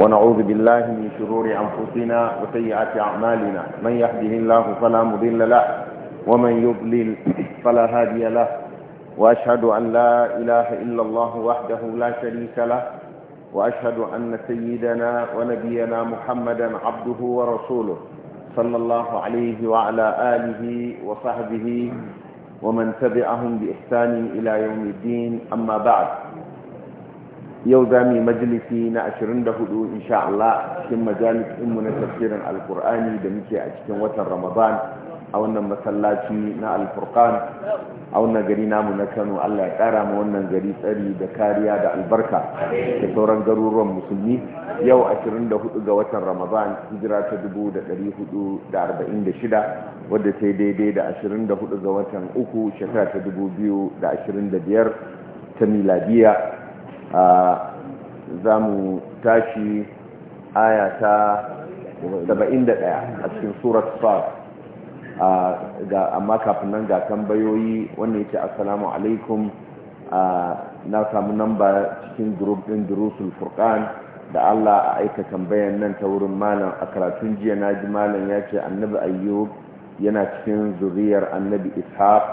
ونعوذ بالله من شرور أنفسنا وسيئات أعمالنا من يهده الله فلا مضل له ومن يضلل فلا هادي له وأشهد أن لا إله إلا الله وحده لا شريك له وأشهد أن سيدنا ونبينا محمدا عبده ورسوله صلى الله عليه وعلى آله وصحبه ومن تبعهم بإحسان إلى يوم الدين أما بعد yau za mu yi majalisi na 24 insha Allah cikin majalisinmu na tafsirin alkur'ani da muke a cikin watan ramadan a wannan masallaci na alfurkan a wannan gari namu na kano allah ya kara ma wannan gari tsari da kariya da albarka da sauran garuruwan musulmi yau 24 ga watan ramadan hijira ta 1446 wadda sai daidai da 24 ga watan uku shekara ta 2025 ta miladiya a za mu tashi aya ta 71 a cikin surat far amma kafin nan ga tambayoyi wannan yake assalamu alaikum na samu namba cikin group din durusul furkan da Allah a aika tambayan nan ta wurin malam a karatun jiya na ji malam ya ce annabi ayyub yana cikin zuriyar annabi ishaq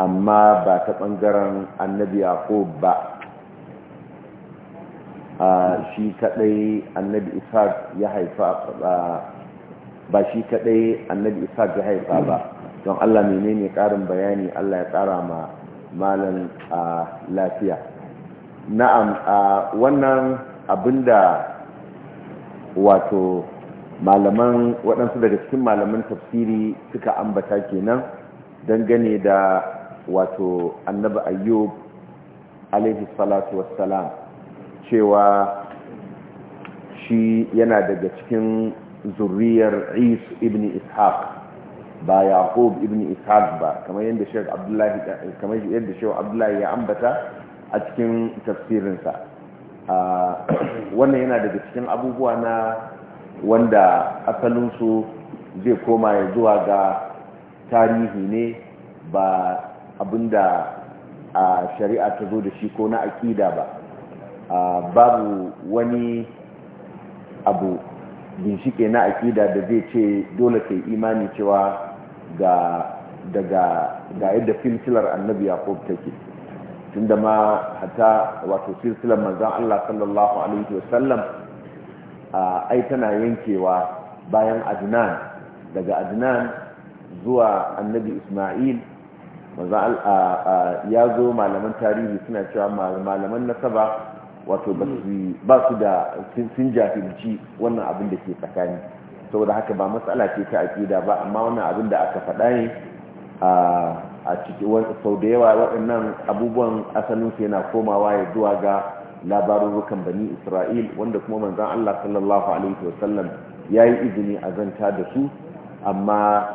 amma ba ta ɓangaren annabi yaqub ba shi kadai annabi ishaq ya haifa ba shi kadai annabi ishaq ya haifa ba don Allah menene karin bayani Allah ya tsara ma malan lafiya na'am wannan abinda wato malaman waɗansu daga cikin malaman tafsiri suka ambata kenan dangane da wato annabi ayyub alaihi salatu wassalam cewa shi yana daga cikin zurriyar is ibn ishaq ba yaqub ibn ishaq ba kamar yadda sheikh abdullahi kamar yadda abdullahi ya ambata a cikin tafsirinsa wannan yana daga cikin abubuwa na wanda asalinsu zai koma ya zuwa ga tarihi ne ba abinda a shari'a ta zo da shi ko na aƙida ba babu wani abu ginshike na aƙida da zai ce dole kai imani cewa ga daga ga yadda filfilar annabi yaqub take da ma hata wato silsilar manzan Allah sallallahu alaihi wasallam ai tana yankewa bayan adnan daga adnan zuwa annabi isma'il ya zo malaman tarihi suna cewa malaman nasaba wato ba su da sun ci wannan abin da ke tsakani saboda haka ba matsala ce ta aƙida ba amma wannan abin da aka faɗa ne a ciki sau da yawa waɗannan abubuwan asalin su yana komawa ya zuwa ga rukan bani isra'il wanda kuma manzan allah sallallahu alaihi wasallam ya yi izini a zanta da su amma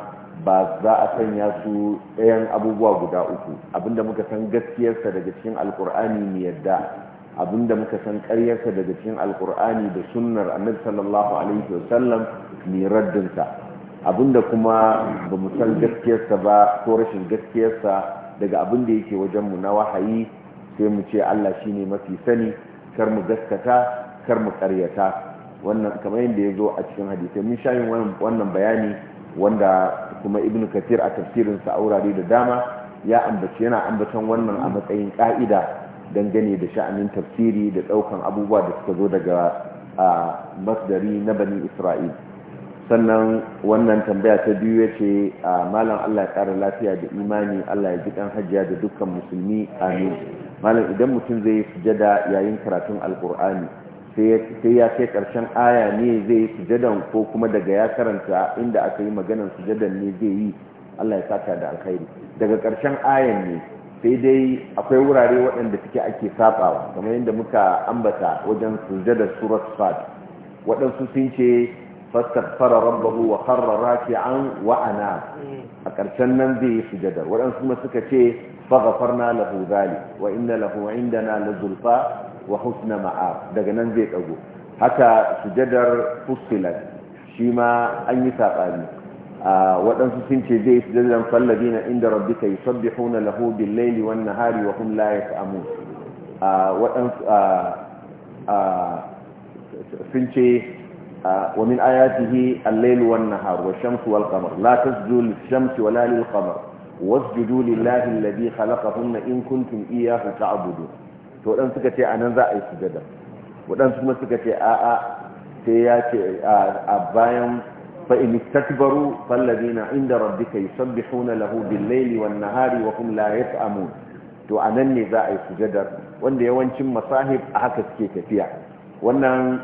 ba za a sanya su ɗayan abubuwa guda uku abinda muka san gaskiyarsa daga cikin alkur'ani mu yadda abinda muka san karyarsa daga cikin alkur'ani da sunnar annabi sallallahu alaihi wasallam ne raddinsa abinda kuma ba mu san gaskiyarsa ba ko rashin gaskiyarsa daga abinda yake wajenmu na wahayi sai mu ce Allah shine mafi sani kar mu gaskata kar mu karyata wannan kamar yadda ya zo a cikin hadisai mun sha yin wannan bayani wanda kuma ibnu kathir a tafsirinsa a wurare da dama ya ambaci yana ambaton wannan a matsayin ka'ida dangane da sha'anin tafsiri da ɗaukan abubuwa da suka zo daga masdari na bani isra'il sannan wannan tambaya ta biyu ya ce malam allah ya ƙara lafiya da imani allah ya ji ɗan hajjiya da dukkan musulmi amin malam idan mutum zai yi sujada yayin karatun alkur'ani sai ya kai ƙarshen aya ne zai yi sujadan ko kuma daga ya karanta inda aka yi maganan sujadan ne zai yi allah ya saka da alkhairi daga ƙarshen ayan ne sai dai akwai wurare waɗanda suke ake saɓawa kamar yadda muka ambata wajen sujjadar surat fad waɗansu sun ce fara rabbahu wa kharra raki'an wa ana a ƙarshen nan zai yi sujjadar waɗansu kuma suka ce faghfarna lahu zali wa inna lahu indana wa husna ma'a daga nan zai ɗago haka sujjadar fussilat shi ma an yi saɓani waɗansu sun ce zai su dalilan fallabi na inda rabbika yi sabbi huna lahu bin laili wan nahari wa hum la amu waɗansu sun ce wa min ayatihi al-lail wan nahar wa shamsu wal qamar la tasjudu lish-shamsi wa la lil-qamar wasjudu lillahi alladhi khalaqahunna in kuntum iyyahu ta'budun to dan suka ce anan za a yi sujada waɗansu kuma suka ce a'a sai ya ce a bayan فإن استكبروا فالذين عند ربك يسبحون له بالليل والنهار وهم لا يفهمون to anan ne za a yi sujadar wanda yawancin masahib a haka suke tafiya wannan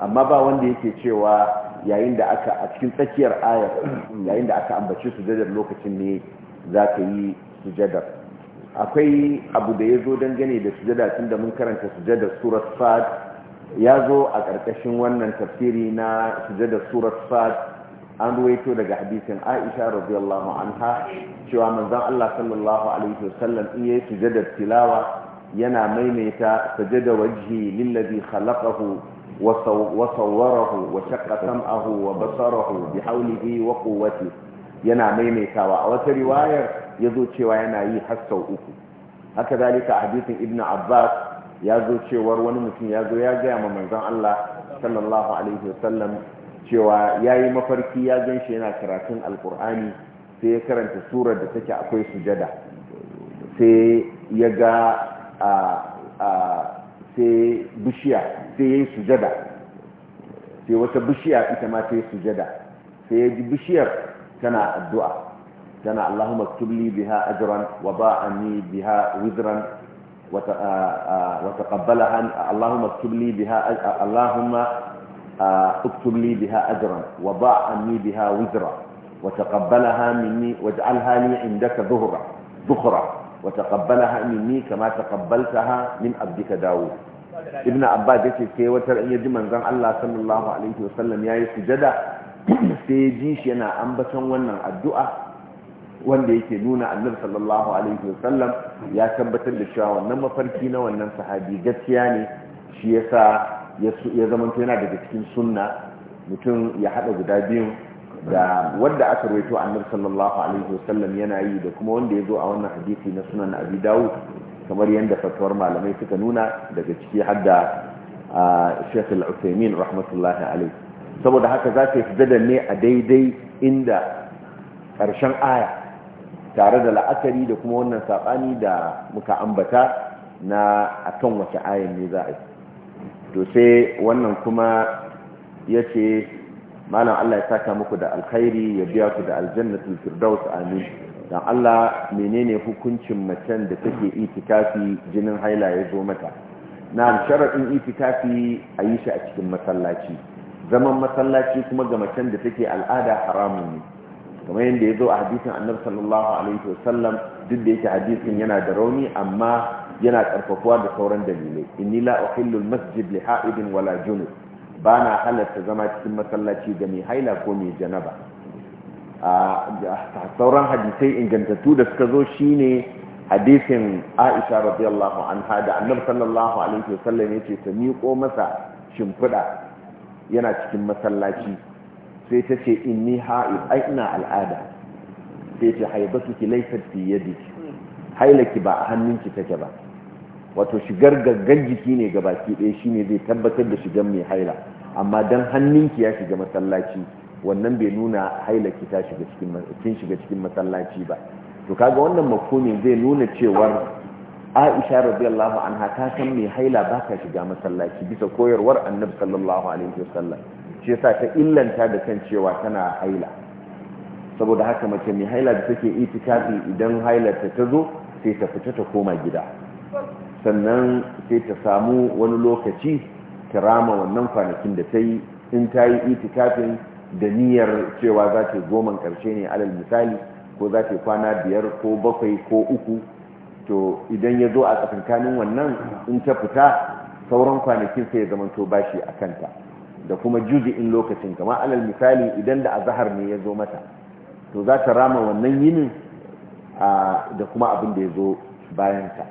amma ba wanda yake cewa yayin da aka a cikin tsakiyar ayar yayin da aka ambaci sujadar lokacin ne za ka yi sujadar akwai abu da ya zo dangane da sujada tun da mun karanta sujadar surat sad ya zo a ƙarƙashin wannan tafsiri na sujada surat sad an ruwaito daga hadisin aisha radiyallahu anha cewa manzon Allah sallallahu alaihi wasallam in yayi sujadar tilawa yana maimaita sajada wajhi lillazi khalaqahu wa sawwarahu wa shaqqa sam'ahu wa basarahu bi hawlihi wa yana maimaitawa a wata riwayar yazo cewa yana yi har sau uku haka zalika hadisin ibnu abbas ya zo cewar wani mutum ya zo ya gaya ma manzon Allah sallallahu alaihi wasallam cewa ya yi mafarki ya gan shi yana karatun alkur'ani sai ya karanta surar da take akwai sujada sai ya ga a sai bishiya sai ya yi sujada sai wata bishiya ita ma ta yi sujada sai ya ji bishiyar tana addu'a tana Allahumma tulli biha ajran wa ba'ani biha wizran وتقبلها اللهم اكتب لي بها اللهم اكتب لي بها أجرا وضع عني بها وزرا وتقبلها مني واجعلها لي عندك ظهرا ذخرا وتقبلها مني كما تقبلتها من عبدك داوود ابن عباس yace sai wata ran yaji manzon Allah sallallahu alaihi wasallam yayi sujada sai ji shi yana ambaton wannan addu'a wanda yake nuna annabi sallallahu alaihi wasallam ya tabbatar da cewa wannan mafarki na wannan sahabi gaskiya ne shi yasa ya zama yana daga cikin sunna mutum ya hada guda biyun da wanda aka rawaito annabi sallallahu alaihi wasallam yana yi da kuma wanda ya zo a wannan hadisi na sunan abi dawud kamar yadda fatuwar malamai suka nuna daga ciki har da Sheikh al rahmatullahi alaihi saboda haka za ta yi sujada ne a daidai inda ƙarshen aya tare da la'akari da kuma wannan saɓani da muka ambata na a kan wace ayan ne za a yi to sai wannan kuma ya ce malam Allah ya saka muku da alkhairi ya biya ku da aljannatul firdaus amin dan Allah menene hukuncin macen da take itikafi jinin haila ya zo mata na sharadin itikafi a yi shi a cikin masallaci zaman masallaci kuma ga macen da take al'ada haramun ne kamar yadda ya zo a hadisin annabi sallallahu alaihi wasallam duk da yake hadisin yana da rauni amma yana karfafuwa da sauran dalilai inni la uhillu masjid li ha'idin wala junub bana halatta zama cikin masallaci ga mai haila ko mai janaba a sauran hadisai ingantattu da suka zo shine hadisin Aisha radiyallahu anha da annabi sallallahu alaihi wasallam yace ta miƙo masa shimfiɗa yana cikin masallaci sai ta ce in ni ha’i ai ina al'ada sai ce haibatu ki laifar fiye hailaki ba a hannunki take ba wato shigar gaggar jiki ne ga baki ɗaya shine zai tabbatar da shigar mai haila amma dan hannunki ya shiga masallaci wannan bai nuna hailaki ta shiga cikin kin shiga cikin masallaci ba to kaga wannan makoni zai nuna cewar Aisha radiyallahu anha ta san mai haila ba ta shiga masallaci bisa koyarwar Annabi sallallahu alaihi wasallam shi yasa ta illanta da kan cewa tana haila saboda haka mace mai haila da take itikafi idan haila ta zo sai ta fita ta koma gida sannan sai ta samu wani lokaci ta rama wannan kwanakin da ta yi in ta yi itikafin da niyyar cewa za ta goman karshe ne alal misali ko za ta kwana biyar ko bakwai ko uku to idan ya zo a tsakankanin wannan in ta fita sauran kwanakin sai ya zama to bashi a kanta da kuma juzi'in lokacin kamar alal misali idan da azahar ne ya zo mata to za ta rama wannan yinin da kuma abin da ya zo bayanta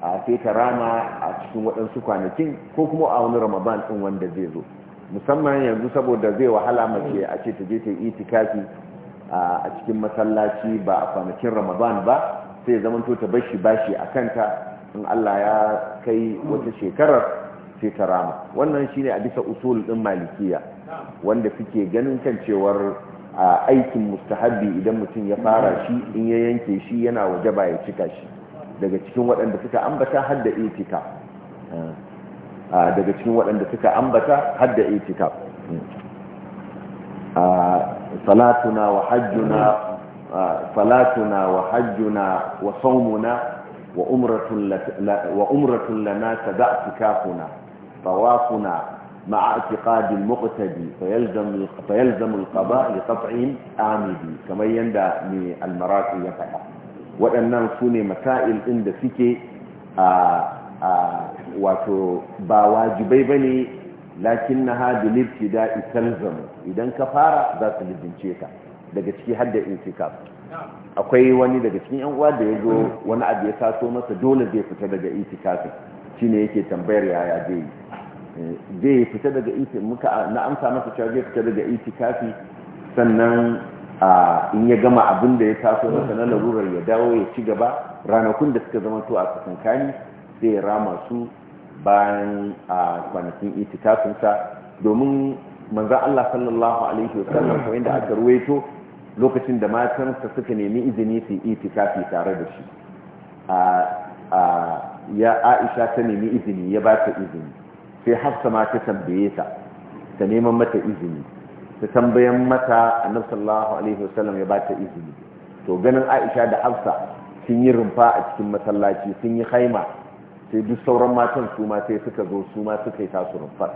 a sai ta rama a cikin waɗansu kwanakin ko kuma a wani ramadan ɗin wanda zai zo musamman yanzu saboda zai wahala mace a ce ta je ta yi itikafi a cikin masallaci ba a kwanakin ramadan ba sai zaman to ta bashi bashi a kanta in allah ya kai wata shekarar sai ta rama wannan shine a bisa usul din malikiya wanda suke ganin kan cewar aikin mustahabi idan mutum ya fara shi in ya yanke shi yana waje ba ya cika shi daga cikin waɗanda suka ambata hadda da itika daga cikin waɗanda suka ambata har da itika salatuna wa hajjuna salatuna wa hajjuna wa saumuna wa umratun lana tada'tu kafuna طوافنا مع اعتقاد المقتدي فيلزم da القضاء لقطعهم kamar yadda يندى من المراكي يفعل waɗannan sune ne masail ɗin da suke a wato ba wajibai ba ne lakin na habilir shida italzam idan ka fara za su lizince ka daga ciki hadda intikaf akwai wani daga cikin yan uwa da ya zo wani abu ya taso masa dole zai fita daga shi shine yake tambayar yaya zai yi zai fita daga iti e muka na amsa masa cewa zai fita daga iti e kafi sannan in ya gama abin da ya taso masa na larurar ya dawo ya ci gaba ranakun da suka zama to a tsakankani sai ya rama su bayan a kwanakin iti e kafinsa domin manzan Allah sallallahu alaihi wasallam kamar da aka ruwaito lokacin da matansa suka nemi izini su kafi tare da shi ya aisha ta nemi izini ya ba ta izini sai hafsa ma ta tambaye ta ta neman mata izini ta tambayan mata annabi sallallahu alaihi wasallam ya bata izini to ganin Aisha da Hafsa sun yi rumfa a cikin masallaci sun yi haima sai duk sauran matan su ma sai suka zo su ma suka yi tasu rumfa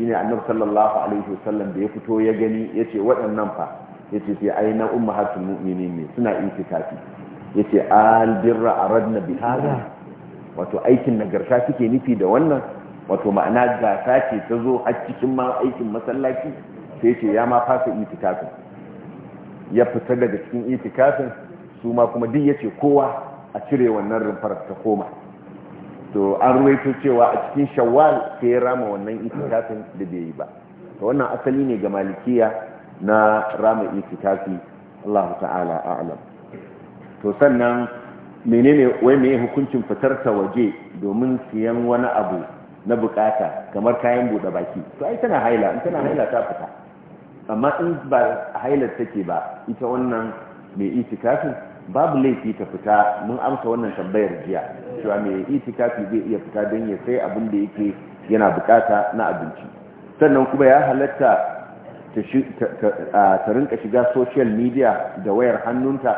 shine annabi sallallahu alaihi wasallam da ya fito ya gani yace waɗannan fa yace sai ai na ummahatul mu'minin ne suna itikafi yace al birra aradna bi wato aikin nagarta kike nufi da wannan wato ma'ana gasa ce ta zo a cikin ma aikin masallaci sai ce ya ma fasa itikafin ya fita daga cikin itikafin su ma kuma duk yace kowa a cire wannan rumfar ta koma to an ruwaito cewa a cikin shawwal sai ya rama wannan itikafin da bai yi ba to wannan asali ne ga malikiya na rama itikafi Allah ta'ala a'lam to sannan menene wai me hukuncin fitar ta waje domin siyan wani abu na bukata kamar kayan buɗe baki to ai tana haila in tana haila ta fita amma in ba hailar take ba ita wannan mai itikafin babu laifi ta fita mun amsa wannan tambayar jiya cewa mai itikafi zai iya fita don ya sai abin da yake yana bukata na abinci sannan kuma ya halatta ta rinka shiga social media da wayar hannunta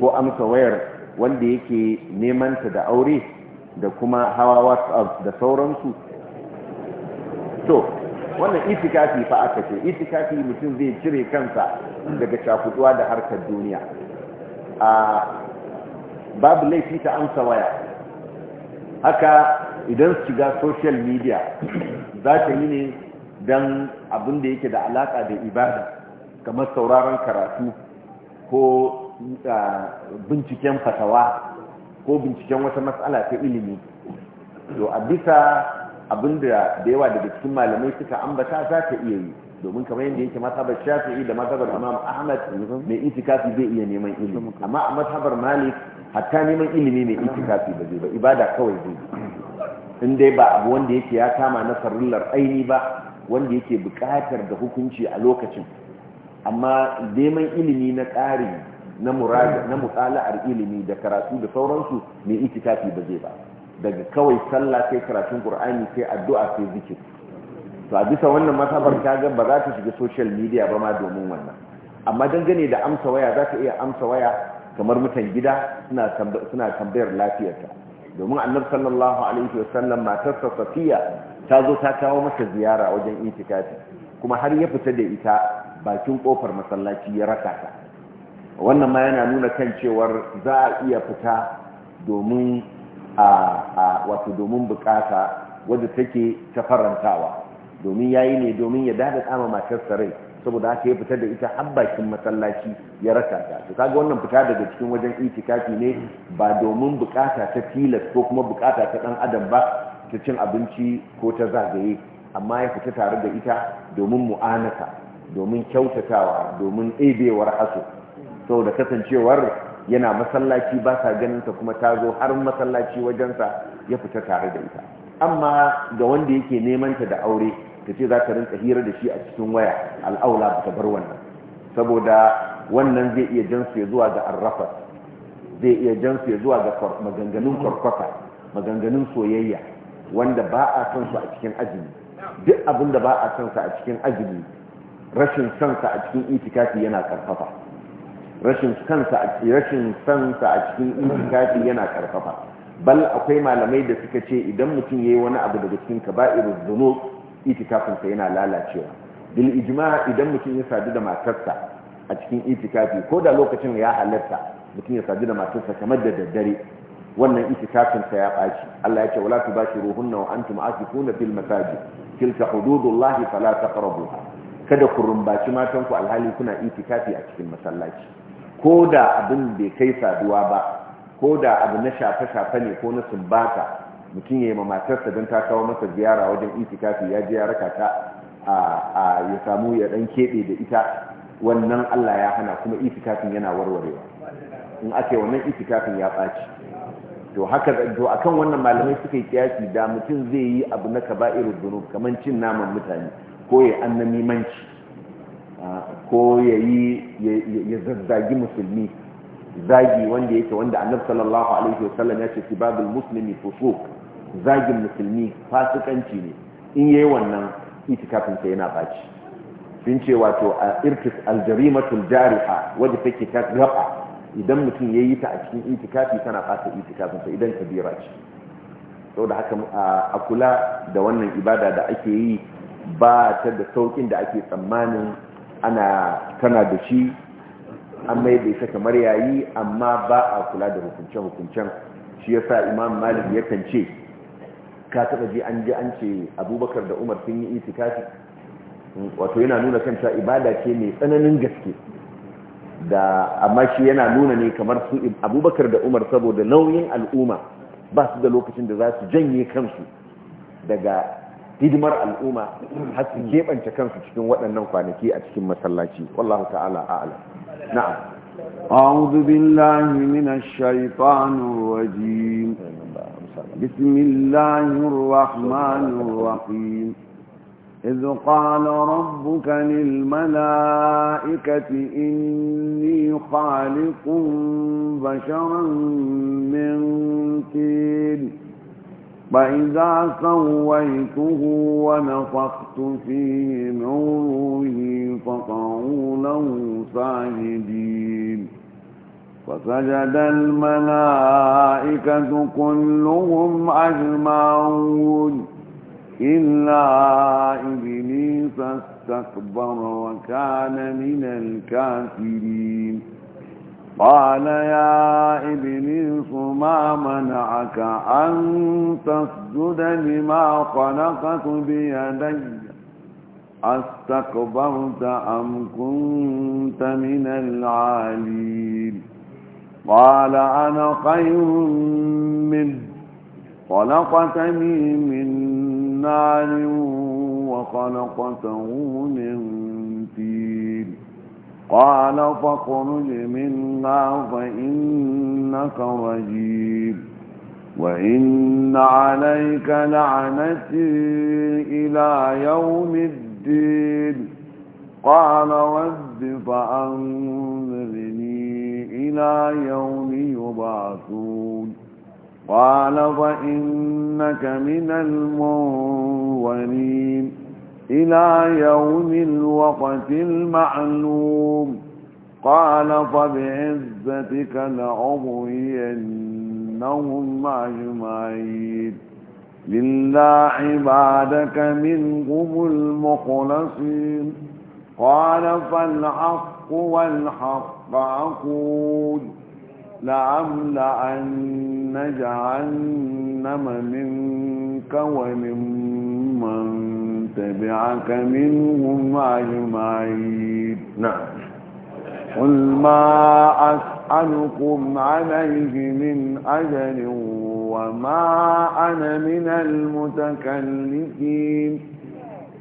ko amsa wayar wanda yake nemanta da aure da kuma hawa whatsapp da sauransu to wannan itikafi fa aka ce itikafi mutum zai cire kansa daga shafutuwa da harkar duniya a babu laifi ta amsa waya haka idan shiga social media za ta yi ne don abin da yake da alaka da ibada kamar sauraron karatu ko binciken fatawa ko binciken wata matsala ta ilimi to a bisa abinda da yawa daga cikin malamai suka ambata za ta iya yi domin kamar yadda yake mazhabar shafi'i da mazhabar imam ahmad mai itikafi zai iya neman ilimi amma a mazhabar malik hatta neman ilimi mai itikafi ba zai ba ibada kawai zai in dai ba abu wanda yake ya kama na sarrillar aini ba wanda yake bukatar da hukunci a lokacin amma neman ilimi na ƙari na murada na mutala'ar ilimi da karatu da sauransu mai itikafi ba zai ba daga kawai sallah sai karatun qur'ani sai addu'a sai zikir to a bisa wannan masabar kaga ba za ta shiga social media ba ma domin wannan amma dangane da amsa waya za ta iya amsa waya kamar mutan gida suna tambayar lafiyarta domin annabi sallallahu alaihi wasallam matarsa safiya ta zo ta kawo masa ziyara wajen itikafi kuma har ya fita da ita bakin kofar masallaci ya raka ta wannan ma yana nuna kan cewar za a iya fita domin a wato domin bukata wadda take ta farantawa domin yayi ne domin ya dada tsama matarsa rai saboda haka ya fitar da ita har bakin masallaci ya rasa ta to kaga wannan fita daga cikin wajen itikafi ne ba domin bukata ta tilas ko kuma bukata ta dan adam ba ta cin abinci ko ta zagaye amma ya fita tare da ita domin mu'anaka, domin kyautatawa domin ɗebewar haso saboda kasancewar yana masallaci ba sa ganinsa kuma ta zo har masallaci wajensa ya fita tare da ita amma ga wanda yake neman ta da aure ta ce za ta rinka hira da shi a cikin waya al'aula ba ta bar wannan saboda wannan zai iya jansu ya zuwa ga arrafa zai iya jansu zuwa ga maganganun kwarkwata maganganun soyayya wanda ba a son su a cikin azumi duk abin ba a son sa a cikin azumi rashin son sa a cikin itikafi yana karfafa rashin kansa a rashin sansa a cikin itikafi yana karfafa bal akwai malamai da suka ce idan mutum yayi wani abu daga cikin kaba'irul dhunub itikafin sa yana lalacewa bil ijma idan mutum ya sadu da matarsa a cikin itikafi ko da lokacin ya halarta mutum ya sadu da matarsa kamar da daddare wannan itikafin sa ya baci Allah ya ce wala tubashiruhunna wa antum aakifuna fil masajid tilka hududullahi fala taqrabuha kada ku rumbaci matanku alhali kuna itikafi a cikin masallaci ko da abin bai kai saduwa ba ko da abu na shafe-shafe ne ko na sumbata mutum ya yi matarsa don ta kawo masa ziyara wajen kafi ya je ya raka ta a ya samu ya dan keɓe da ita wannan Allah ya hana kuma kafin yana warwarewa in ake wannan itikafin ya ɓaci to haka to akan wannan malamai suka yi kiyasi da mutum zai yi abu na kaba dhunub kaman cin naman mutane ko ya manci. ko ya yi ya zazzagi musulmi zagi wanda yake wanda annab sallallahu alaihi sallam ya ce kibabul muslimi fusuq zagin musulmi fasikanci ne in yayi wannan itikafin sa yana baci sun ce wato a irtis aljarimatul jariha wadda take ta gaba idan mutum yayi ta a cikin itikafi tana fasa itikafin sa idan kabira ce saboda haka a kula da wannan ibada da ake yi ba ta da saukin da ake tsammanin ana tana da shi an mai da isa kamar yayi amma ba a kula da hukunce-hukuncen shi ya sa imam malik ya kance ka taba ji an ji an ce abubakar da umar sun yi itikafi wato yana nuna kanta ibada ce mai tsananin gaske da amma shi yana nuna ne kamar su abubakar da umar saboda nauyin al'umma ba su da lokacin da za su janye kansu daga hidimar al'umma har su keɓance kansu cikin waɗannan kwanaki a cikin masallaci wallahu ta'ala a'lam na'am a'udhu billahi minash shaitanir rajim bismillahir rahmanir rahim إذ قال ربك للملائكة إني خالق بشرا من طين فإذا سويته ونفخت فيه من روحي فقعوا له ساجدين فسجد الملائكة كلهم أجمعون إلا إبليس استكبر وكان من الكافرين قال يا إبليس ما منعك أن تسجد لما خلقت بيدي أستكبرت أم كنت من العالين قال أنا خير منه خلقتني من نار وخلقته من فيل قال فاخرج منا فإنك رجيم وإن عليك لعنتي إلى يوم الدين قال رب فأنذرني إلى يوم يبعثون قال فإنك من المنورين إلى يوم الوقت المعلوم قال فبعزتك لأغوينهم أجمعين لله عبادك منهم المخلصين قال فالحق والحق أقول لأملأن جهنم منك وممن من تبعك منهم أجمعين نعم قل ما أسألكم عليه من أجر وما أنا من المتكلفين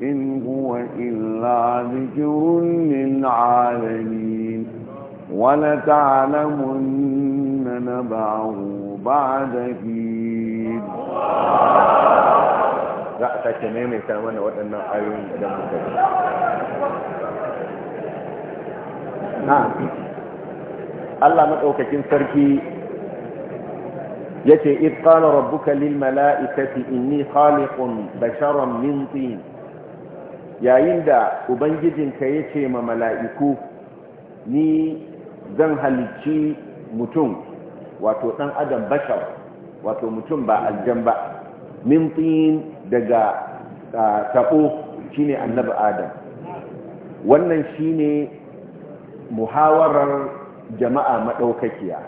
إن هو إلا ذكر للعالمين ولتعلمن نبعه بعد حين za a sake maimaita mana waɗannan ayoyin da mun gaba na Allah madaukakin sarki yace id qala rabbuka lil mala'ikati inni khaliqun basharan min tin yayin da ubangijinka yace ma mala'iku ni zan halicci mutum wato dan adam bashar wato mutum ba aljan ba min daga tabo shine annabi adam wannan shine muhawarar jama'a madaukakiya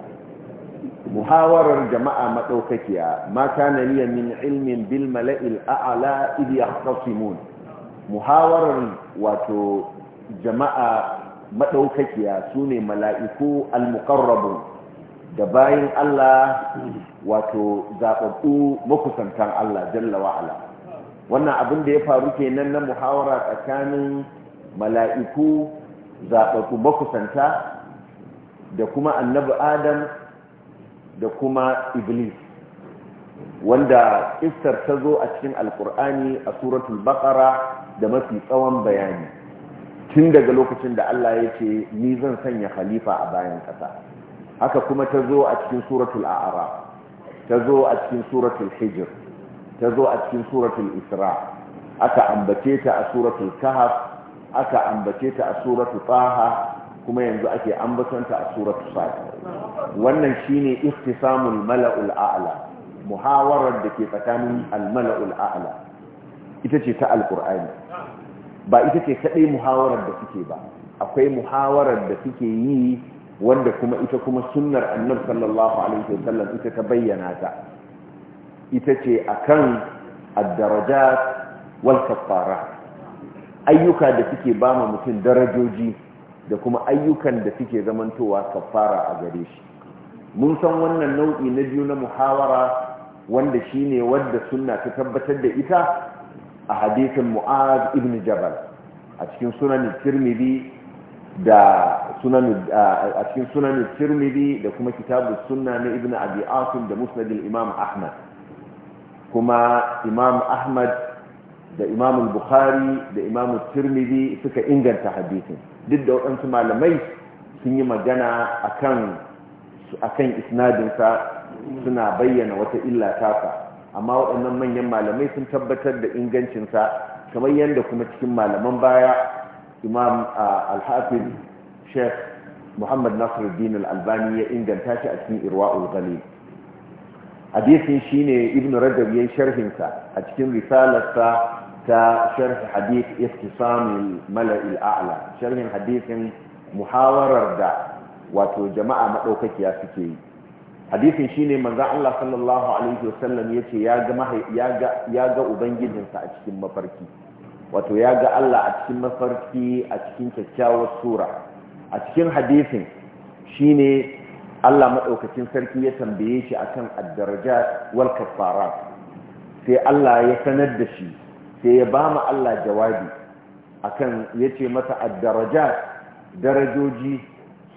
muhawarar jama'a madaukakiya ma min ilmin bil mala'il muhawarar wato jama'a madaukakiya sune mala'iku al-muqarrabun da bayin Allah wato zaɓaɓɓu makusantan Allah jalla wa'ala wannan abin da ya faru kenan na muhawara tsakanin mala'iku zaɓaɓɓu makusanta da kuma annabi adam da kuma iblis wanda istar ta zo a cikin alkur'ani a suratul baqara da mafi tsawon bayani tun daga lokacin da Allah ya ce ni zan sanya khalifa a bayan ƙasa haka kuma ta zo a cikin suratul a'ara ta zo a cikin suratul hijr ta zo a cikin suratul isra aka ambace ta a suratul kahf aka ambace ta a suratul taha kuma yanzu ake ambatanta a suratul sad wannan shine ikhtisamul mala'ul a'la muhawarar da ke tsakanin al mala'ul a'la ita ce ta alkur'ani ba ita ce kaɗai muhawarar da suke ba akwai muhawarar da suke yi wanda kuma ita kuma sunnar annabi sallallahu alaihi wasallam ita ta bayyana ta ita ce akan ad-darajat wal kaffara ayyuka da suke ba mu mutum darajoji da kuma ayyukan da suke zamantowa kaffara a gare shi mun san wannan nau'i na biyu na muhawara wanda shine wanda sunna ta tabbatar da ita a hadisin mu'az ibn jabal a cikin sunan tirmidhi da a cikin sunan tirmidhi da kuma kitabu sunna na ibn abi asim da musnadin imam ahmad kuma imam ahmad da imam bukhari da imam tirmidhi suka inganta hadisin duk da waɗansu malamai sun yi magana akan akan isnadinsa suna bayyana wata illa tasa amma waɗannan manyan malamai sun tabbatar da ingancinsa kamar yadda kuma cikin malaman baya imam al-hafiz sheikh muhammad nasiruddin al-albani ya inganta shi a cikin irwa'ul ghalib hadisin shine ibn rajab yayin sharhin a cikin risalarsa ta sharh hadith ihtisam al ala sharhin hadisin muhawarar da wato jama'a madaukakiya suke yi hadisin shine manzo Allah sallallahu alaihi wasallam yace ya ya ga ya ga ubangijinsa a cikin mafarki wato ya ga Allah a cikin mafarki a cikin kyakkyawar sura a cikin hadisin shine Allah maɗaukacin sarki ya tambaye shi akan ad-darajat wal sai Allah ya sanar da shi sai ya ba mu Allah jawabi akan yace masa mata darajat darajoji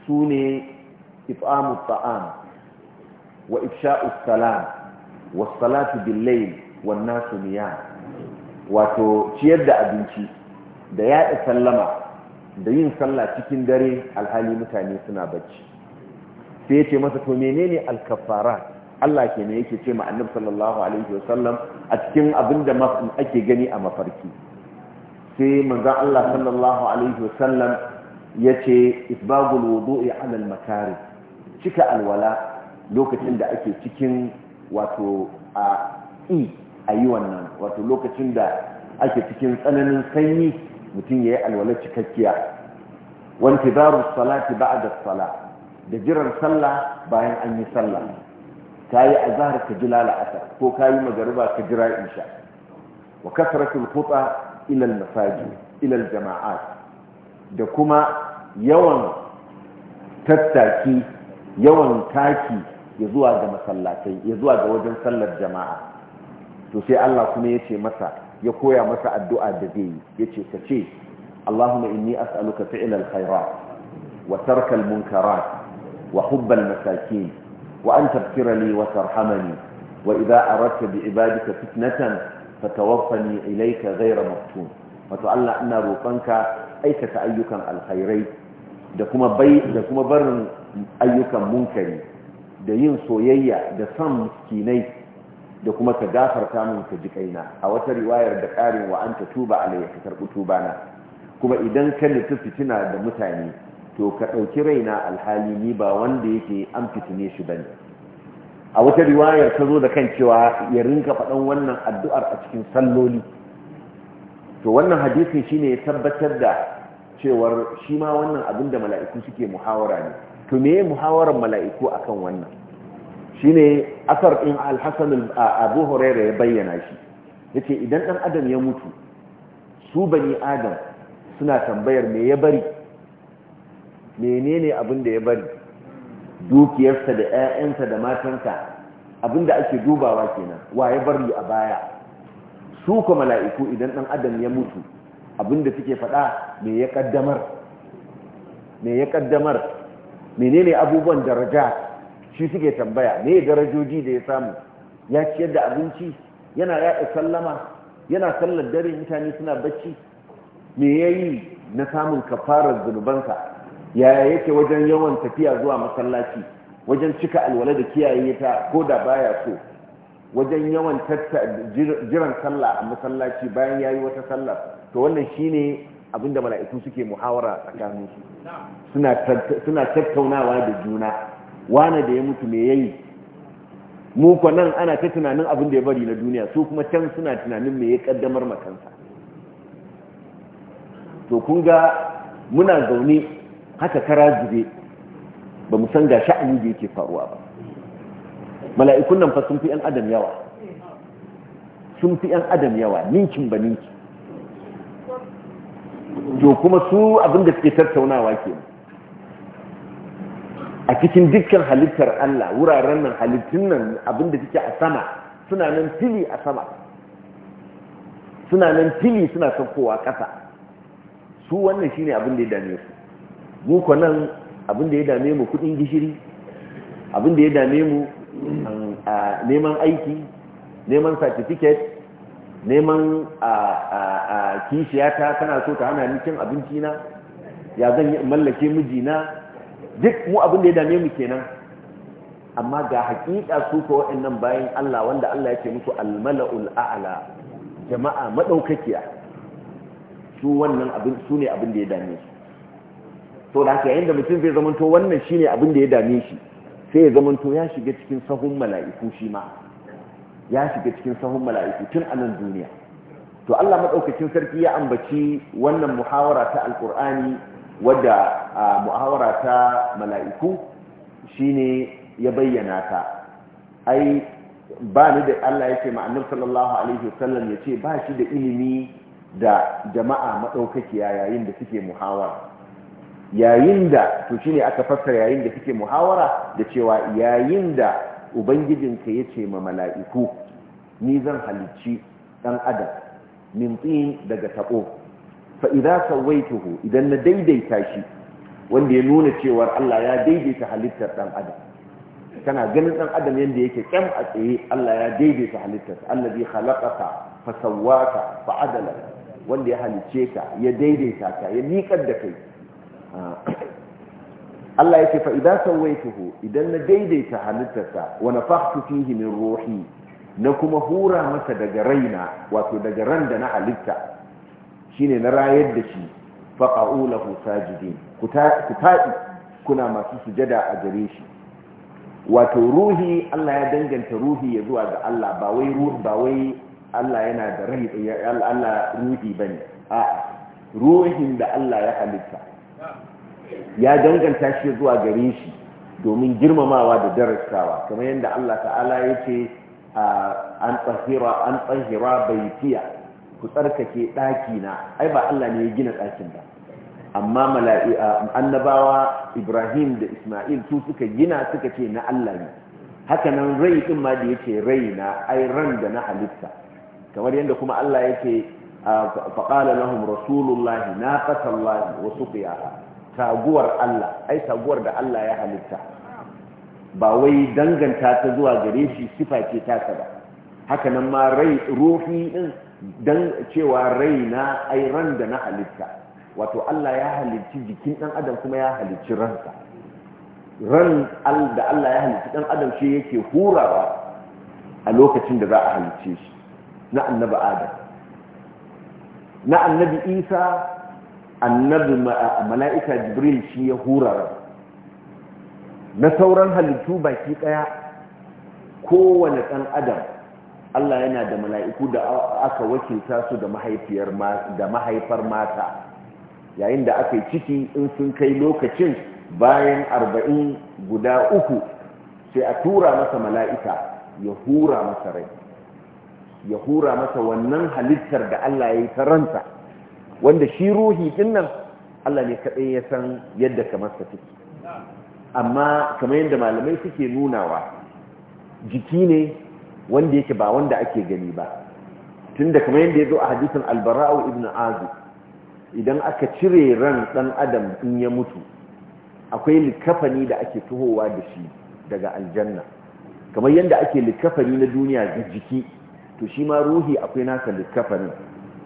sune if'amu ta'am wa ifsha'u salam was salatu bil layl nasu niyam wato ciyar da abinci da yaɗa sallama da yin sallah cikin dare alhali mutane suna bacci sai ya ce masa to menene alkafara Allah ke ne yake ce ma annabi sallallahu alaihi wasallam a cikin abin da ake gani a mafarki sai manzon Allah sallallahu alaihi wasallam ya ce isbagul wudu'i ala al-makari cika alwala lokacin da ake cikin wato a i a yi wannan wato lokacin da ake cikin tsananin sanyi mutum ya yi alwala cikakkiya wanke babu salati ba da sala da jiran sallah bayan an yi sallah ka yi azahar ka lala la'asar ko ka yi magariba ka jira isha wa kasratul khutsa ila masaji ila jamaat da kuma yawan tattaki yawan taki ya zuwa ga masallatai ya zuwa ga wajen sallar jama'a to sai Allah kuma ya ce masa ya koya masa addu'a da zai yi ya ce ka ce Allahuma inni as'aluka fi'ilal al wa tarkal munkara, wa hubbal masakin wa an tafkira ne wa tarhamani wa idza aradta bi ibadika fitnatan fatawaffani ilayka ghayra maftun wato Allah ina roƙonka aikata ayyukan alkhairai da kuma bai da kuma barin ayyukan munkari da yin soyayya da san miskinai da kuma ka gafarta min ka ji kaina a wata riwayar da karin wa an tuba alayya ka karɓi tuba na kuma idan ka nufi fitina da mutane to ka ɗauki raina alhali ni ba wanda yake an fitine shi bane a wata riwayar ta zo da kan cewa ya rinka faɗan wannan addu'ar a cikin salloli to wannan hadisi shine ya tabbatar da cewar shi ma wannan abin da mala'iku suke muhawara ne to meye muhawaran mala'iku akan wannan Shi ne asar ɗin alhassan a abu horaira ya bayyana shi ya ce idan ɗan adam ya mutu su bani adam suna tambayar me ya bari menene abin da ya bari dukiyarsa da 'ya'yansa da matansa abin da ake dubawa kenan wa ya bari a baya su kuma mala'iku idan ɗan adam ya mutu abin da suke faɗa me ya ƙaddamar me ya kaddamar menene abubuwan daraja shi suke tambaya me darajoji da ya samu ya ciyar da abinci yana yaɗa sallama yana sallar dare mutane suna bacci me ya yi na samun kafarar zunubansa yaya yake wajen yawan tafiya zuwa masallaci wajen cika alwala da kiyaye ta ko da baya so wajen yawan jiran sallah a masallaci bayan ya yi wata sallar to wannan shine abinda mala'iku suke muhawara tsakaninsu suna tattaunawa da juna wane da ya mutu me yayi mu ko nan ana ta tunanin abin da ya bari na duniya su kuma can suna tunanin me ya kaddamar makansa to kun ga muna zaune haka kara zube ba mu san ga sha'ani da yake faruwa ba mala'ikun nan fa sun fi yan adam yawa sun fi yan adam yawa ninkin ba ninki to kuma su abin da suke tattaunawa kenan a cikin dukkan halittar Allah wuraren nan halittun nan abinda suke a sama suna nan fili a sama suna nan fili, suna saukowa ƙasa su wannan shi ne abinda ya dame su mu ko nan abinda ya dame mu kudin gishiri abinda ya dame mu neman aiki neman satifiket, neman kishiyata tana so ta hana ni cin abinci na ya zan mallake mijina duk mu abin da ya dame mu kenan amma ga hakika su ko waɗannan bayan Allah wanda Allah yake musu al-mala'ul a'la jama'a madaukakiya su wannan abin su ne abin da ya dame su to da kai inda mutum zai zamanto wannan shine abin da ya dame shi sai ya zamanto ya shiga cikin sahun mala'iku shi ma ya shiga cikin sahun mala'iku tun a nan duniya to Allah madaukakin sarki ya ambaci wannan muhawara ta alqur'ani wadda a muhawara ta mala'iku shine ya bayyana ta ai ba ni da Allah ya ce ma'anar sallallahu alaihi wasallam ya ce ba shi da ilimi da jama'a maɗaukakiya yayin da suke muhawara yayin da to shine aka fassara yayin da suke muhawara da cewa yayin da ubangijinka ya ce ma mala'iku ni zan halicci ɗan adam min tsin daga taɓo fa wai sawaituhu idan na daidaita shi wanda ya nuna cewar Allah ya daidaita halittar dan adam kana ganin dan adam yanda yake kyam a tsaye Allah ya daidaita halittar allazi khalaqaka fa sawwaka fa adala wanda ya halice ka ya daidaita ka ya miƙar da kai Allah yake fa idan sawaituhu idan na daidaita halittarsa wa nafakhtu fihi min ruhi na kuma hura masa daga raina wato daga ran da na halitta shine na rayar da shi faqa'u lahu sajidin ku taɗi? kuna masu sujada a gare shi wato ruhi Allah ya danganta ruhi ya zuwa ga Allah ba wai ruhi ba wai Allah yana da rai Allah ruhi bane a ruhin da Allah ya halitta ya danganta shi zuwa gare shi domin girmamawa da darasawa kamar yadda Allah ta'ala ya ce an tsahira an tsahira baitiya ku tsarkake na. ai ba Allah ne ya gina ɗakin ba amma mala'i'a annabawa Ibrahim da Isma'il su suka gina suka ce na Allah ne haka nan rai din ma da yake rai na ai ran da na halitta kamar yadda kuma Allah yake faqala lahum rasulullah naqatallahi wa suqiyaha taguwar Allah ai taguwar da Allah ya halitta ba wai danganta ta zuwa gare shi sifa ce ta ba haka nan ma rai ruhi din dan cewa rai na ai ran da na halitta wato Allah ya halicci jikin ɗan adam kuma ya halicci ransa ran da Allah ya halicci ɗan adam shi yake hurawa a lokacin da za a halitce shi na annabi adam na annabi isa annabi mala'ika jibril shi ya hurara na sauran halittu baki ɗaya kowane ɗan adam Allah yana da mala'iku da aka wakilta su da mahaifar mata yayin da aka yi ciki in sun kai lokacin bayan arba'in guda uku sai a tura masa mala'ika ya hura masa rai ya hura masa wannan halittar da Allah ya yi ta ranta wanda shi ruhi dinnan Allah ne kaɗai ya san yadda kamar sa amma kamar yadda malamai suke nunawa jiki ne wanda yake ba wanda ake gani ba tunda kamar yadda ya zo a hadisin albara'u ibn azu idan aka cire ran dan adam in ya mutu akwai likafani da ake tuhowa da shi daga aljanna kamar yadda ake likafani na duniya da jiki to shi ma ruhi akwai nasa likafanin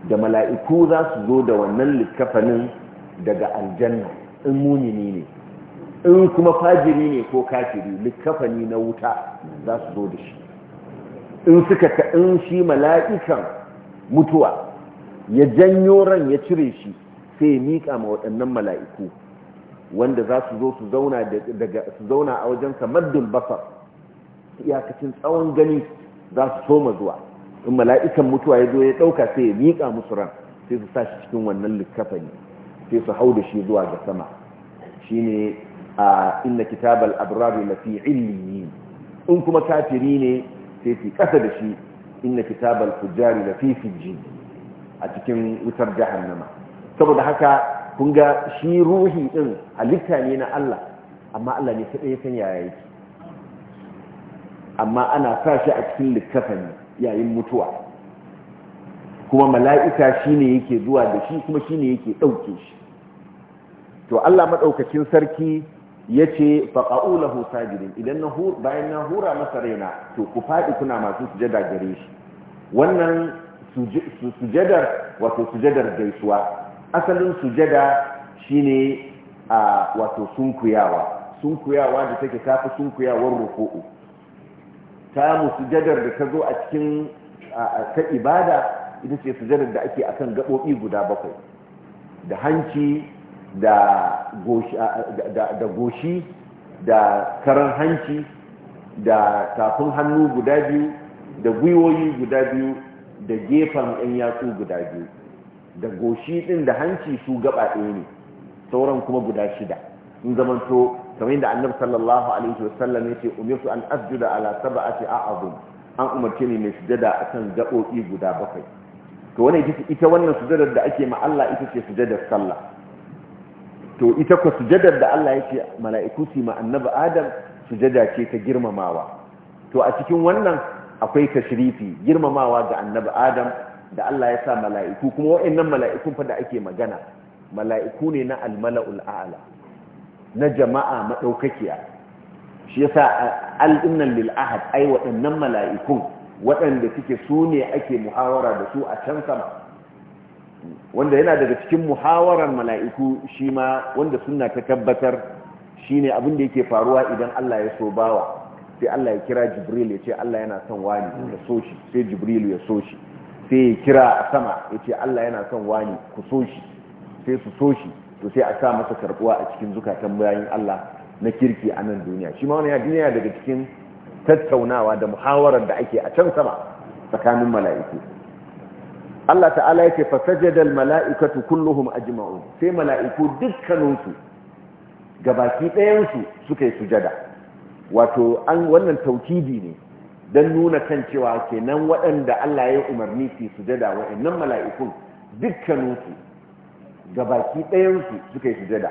da mala'iku za su zo da wannan likafanin daga aljanna in munini ne in kuma fajiri ne ko kafiri likafani na wuta za su zo da shi in suka in shi mala'ikan mutuwa ya janyo ran ya cire shi sai ya miƙa ma waɗannan mala'iku wanda za su zo su zauna a wajen samaddul basar iyakacin tsawon gani za su soma zuwa in mala'ikan mutuwa ya zo ya ɗauka sai ya miƙa musu ran sai su sa shi cikin wannan likkafani sai su hau da shi zuwa ga sama ne a inna kitabal abrar lafi illiyin in kuma kafiri ne sai su kasa da shi inna kitabal fujjari lafi fijjin a cikin wutar jahannama saboda haka kun ga shi ruhi din halitta ne na Allah amma Allah ne kadai ya san yaya yake amma ana sa shi a cikin littafin yayin mutuwa kuma mala'ika shine yake zuwa da shi kuma shine yake dauke shi to Allah madaukakin sarki ya ce faƙa'u sajidin idan bayan na hura masa raina to ku faɗi kuna masu sujada gare shi wannan sujadar wato sujadar gaisuwa asalin sujada shine a wato sunkuyawa sunkuyawa da take tafi sunkuyawar ruku'u ta mu sujadar da ta zo a cikin ta ibada ita ce sujadar da ake akan gaɓoɓi guda bakwai da hanci da goshi da karan hanci da tafin hannu guda biyu da gwiwoyi guda biyu da gefen ɗan yatsu guda biyu da goshi ɗin da hanci su gaba ɗaya ne sauran kuma guda shida in zamanto kamar yadda annabi sallallahu alaihi wasallam yace umirtu an asjuda ala sab'ati a'zum an umarce ni mai sujada akan gaboki guda bakwai to wannan ita ita wannan sujadar da ake ma Allah ita ce sujadar sallah to ita ko sujadar da Allah yake mala'iku su ma annabi Adam sujada ce ta girmamawa to a cikin wannan akwai tashrifi girmamawa ga annabi adam da Allah ya sa mala'iku kuma waɗannan mala'ikun fa da ake magana mala'iku ne na almala'ul a'la na jama'a maɗaukakiya. shi yasa sa innal lil ai waɗannan mala'ikun waɗanda suke su ne ake muhawara da su a can sama wanda yana daga cikin muhawarar mala'iku shi ma wanda suna ta tabbatar shi ne abin da yake faruwa idan Allah ya so bawa sai Allah ya kira Jibril ya ce Allah yana son wani ya so shi sai Jibril ya so shi sai ya kira a sama ya ce Allah yana son wani ku so shi sai su so shi to sai a sa masa karbuwa a cikin zukatan bayan Allah na kirki a nan duniya shi ma wani ya duniya daga cikin tattaunawa da muhawarar da ake a can sama tsakanin mala'iku Allah ta'ala yake sajada al-mala'ikatu kulluhum ajma'un sai mala'iku dukkaninsu gabaki ɗayansu suka yi sujada wato an wannan taukidi ne don nuna kan cewa kenan waɗanda Allah ya umarni su sujada waɗannan mala'ikun dukkaninsu gabaki ɗayansu suka yi sujada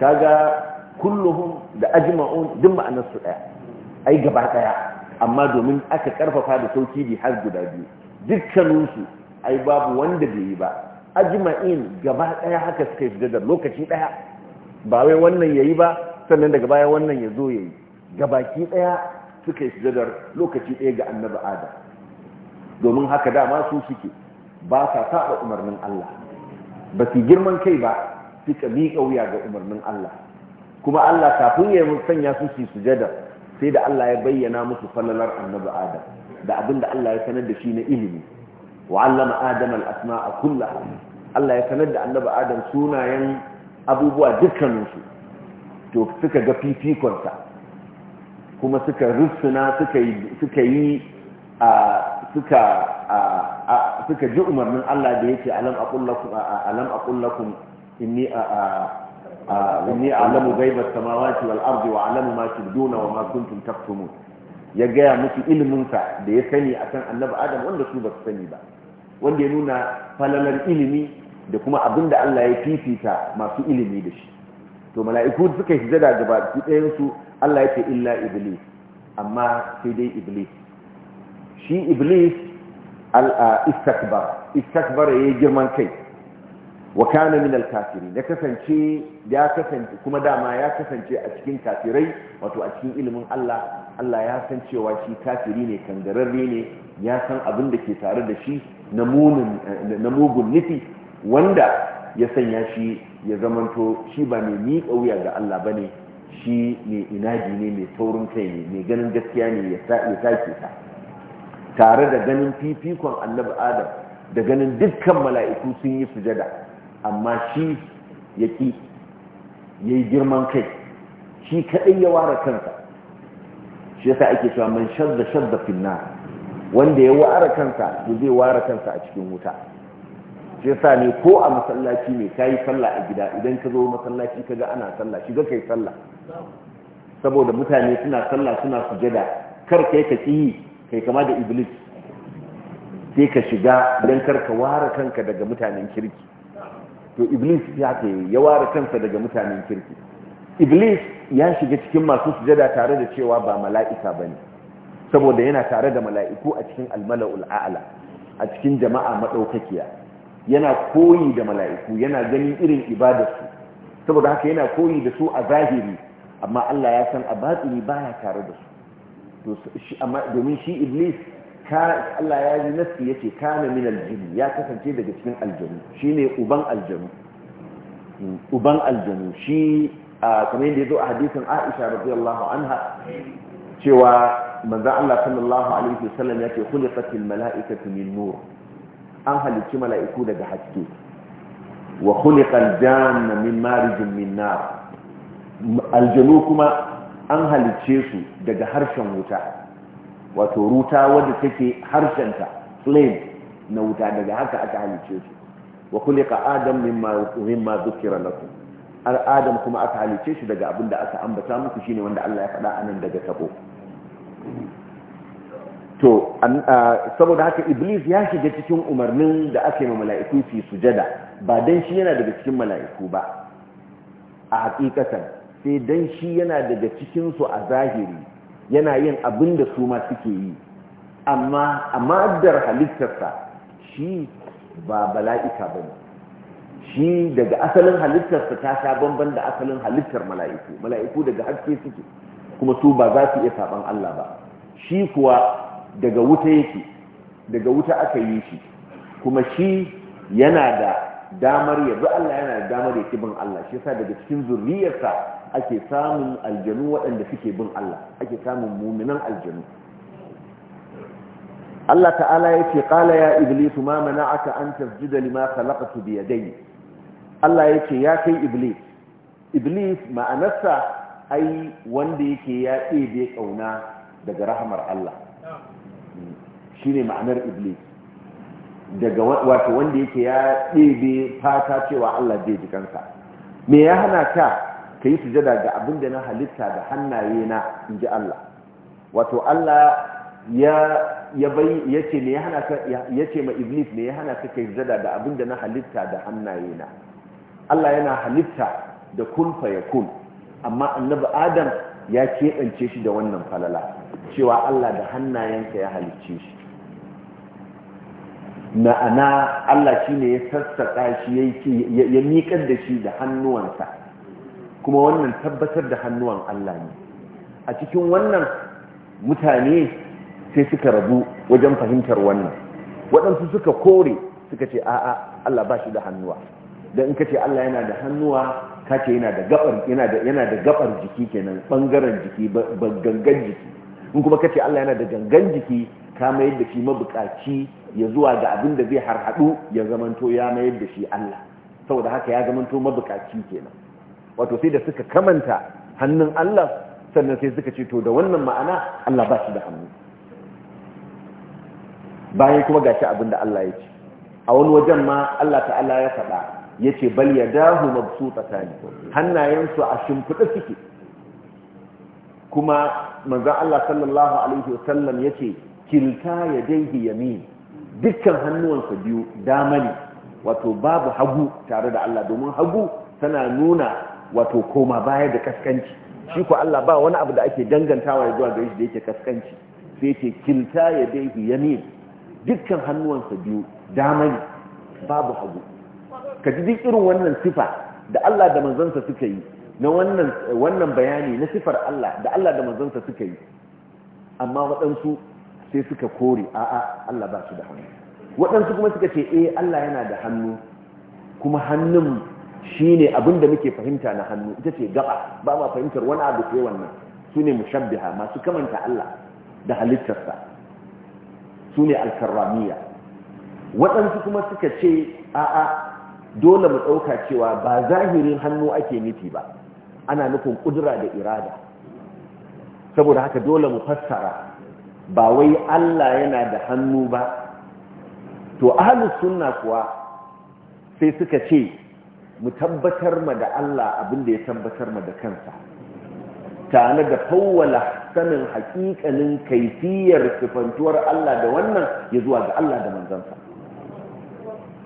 kaga kulluhum da ajma'un duk ma'anarsu ɗaya ai gaba ɗaya amma domin aka karfafa da taukidi har guda biyu dukkaninsu ai babu wanda bai yi ba ajma'in gaba ɗaya haka suka yi sujada lokaci ɗaya ba wai wannan yayi ba sannan daga baya wannan ya zo yayi gabaki daya suka yi sujadar lokaci daya ga annabi adam domin haka dama su suke ba sa saba umarnin Allah ba su girman kai ba suka miƙa wuya ga umarnin Allah kuma Allah kafin ya yi sanya su su sujada sai da Allah ya bayyana musu falalar annabi Adam da abin da Allah ya sanar da shi na ilimi wa allama Adam al-asma'a kullaha Allah ya sanar da annabi Adam sunayen abubuwa dukkaninsu to suka ga fifikonsa kuma suka rusuna suka yi suka ji umarnin Allah da yake alam alam aqullakum inni inni a'lamu ghaibas samawati wal ardi wa a'lamu ma tubduna wa ma kuntum taktumun ya gaya musu ilimin sa da ya sani akan annabi adam wanda su ba su sani ba wanda ya nuna falalar ilimi da kuma abinda Allah ya fifita masu ilimi da shi to mala'iku suka yi da gaba ɗayan su Allah yake illa iblis amma sai dai iblis shi iblis al-istakbar istakbar ya girman kai wa kana min al-kafirin da kasance ya kasance kuma dama ya kasance a cikin kafirai wato a cikin ilimin Allah Allah ya san cewa shi kafiri ne kangararre ne ya san abin da ke tare da shi na mugun nufi wanda ya sanya shi ya zamanto shi ba mai miƙa wuya ga Allah ba ne shi mai inadi ne mai taurin kai ne mai ganin gaskiya ne ya sake ta tare da ganin fifikon annabi adam da ganin dukkan mala'iku sun yi sujada amma shi ya ƙi ya yi girman kai shi kaɗai ya ware kansa shi yasa ake cewa man shadda shadda finna wanda ya ware kansa to zai ware kansa a cikin wuta shi yasa ne ko a masallaci ne ka yi sallah a gida idan ka zo masallaci ka ga ana sallah shiga kai sallah saboda mutane suna sallah suna sujada kar kai ka ƙi kai kama da iblis sai ka shiga don kar ka ware kanka daga mutanen kirki to iblis ya ka ya ware kansa daga mutanen kirki iblis ya shiga cikin masu sujada tare da cewa ba mala'ika ba ne saboda yana tare da mala'iku a cikin almala'ul a'ala a cikin jama'a maɗaukakiya yana koyi da mala'iku yana ganin irin ibadarsu saboda haka yana koyi da su a zahiri amma Allah ya san a ba ya tare da su domin shi iblis Allah ya yi nasi ya ce kana min aljini ya kasance daga cikin aljanu shi ne uban aljanu hmm, uban aljanu shi kamar yadda ya zo a hadisin aisha radiyallahu anha cewa manzo Allah sallallahu alaihi wasallam ya ce khuliqatil mala'ikatu min nur an halicci mala'iku daga haske wa khuliqal janna min marijin min nar aljanu kuma an halicce su daga harshen wuta wato ruta wadda take ta, flame na wuta daga haka aka halicce su wa khuliqa adam mimma mimma dhukira lakum al adam kuma aka halicce shi daga abinda aka ambata muku shine wanda Allah ya faɗa anan daga tabo to saboda haka iblis ya shiga cikin umarnin da ake ma mala'iku su sujada ba dan shi yana daga cikin mala'iku ba a hakikatan sai dan shi yana daga cikin su a zahiri yana yin abin da su ma suke yi amma a madar halittarsa shi ba bala'ika ba shi daga asalin halittarsa ta sha bamban da asalin halittar mala'iku mala'iku daga haske suke kuma su ba za su iya saban Allah ba shi kuwa daga wuta yake daga wuta aka yi shi kuma shi yana da damar ya bi Allah yana da damar ya ki bin Allah shi yasa daga cikin zurriyarsa ake samun aljanu waɗanda suke bin Allah ake samun muminan aljanu Allah ta'ala ya ce qala ya iblis ma mana'aka an tasjuda lima khalaqtu bi yadayya Allah ya ce ya kai iblis iblis ma'anarsa ai wanda yake ya ɗebe kauna daga rahmar Allah shine ma'anar iblis daga wato wanda yake ya ɗebe fata cewa Allah zai ji kansa me ya hana ka ka yi sujada ga abin da na halitta da hannaye na in ji Allah wato Allah ya bai yace me ya hana ka yace ma iblis me ya hana ka yi sujada ga abin da na halitta da hannaye na Allah yana halitta da kun fa kun amma annabi Adam ya keɓance shi da wannan falala cewa Allah da hannayensa ya halicce shi ma'ana Allah shi ne ya sassaƙa shi ya miƙar da shi da hannuwansa kuma wannan tabbatar da hannuwan Allah ne a cikin wannan mutane sai suka rabu wajen fahimtar wannan waɗansu suka kore suka ce a'a Allah ba shi da hannuwa don in ka ce Allah yana da hannuwa ka ce yana da gabar jiki kenan ɓangaren jiki ba gangan jiki in kuma ka ce Allah yana da gangan jiki ka mayar da shi mabukaci ya zuwa ga abin da zai harhaɗu ya zamanto ya mayar da shi Allah saboda haka ya zamanto mabukaci kenan wato sai da suka kamanta hannun Allah sannan sai suka ce to da wannan ma'ana Allah ba shi da hannu bayan kuma gashi abin da Allah ya ce a wani wajen ma Allah ta'ala ya faɗa ya ce bal ya dahu hannayen hannayensu a shimfiɗa suke kuma manzo Allah sallallahu alaihi wasallam ya ce kilta ya daihi yamin dukkan hannuwansa biyu dama wato babu hagu tare da Allah domin hagu tana nuna wato koma baya da kaskanci shi ko Allah ba wani abu da ake dangantawa zuwa ga shi da yake kaskanci sai yake kilta ya daihi yamin dukkan hannuwansa biyu dama babu hagu ka ji duk irin wannan sifa da Allah da manzansa suka yi na wannan wannan bayani na sifar Allah da Allah da manzansa suka yi amma waɗansu sai suka kore a'a Allah ba su da hannu waɗansu kuma suka ce eh Allah yana da hannu kuma hannun shine abin da muke fahimta na hannu ita ce gaba ba ma fahimtar wani abu sai wannan su ne mushabbiha masu kamanta Allah da halittarsa su ne alkarramiya waɗansu kuma suka ce a'a dole mu ɗauka cewa ba zahirin hannu ake nufi ba ana nufin ƙudura da irada saboda haka dole mu fassara ba wai Allah yana da hannu ba to ahlus sunna kuwa sai suka ce mu tabbatar ma da Allah abinda ya tabbatar ma da kansa tare da fawwala sanin hakikanin kaifiyar sifantuwar Allah da wannan ya zuwa ga Allah da manzansa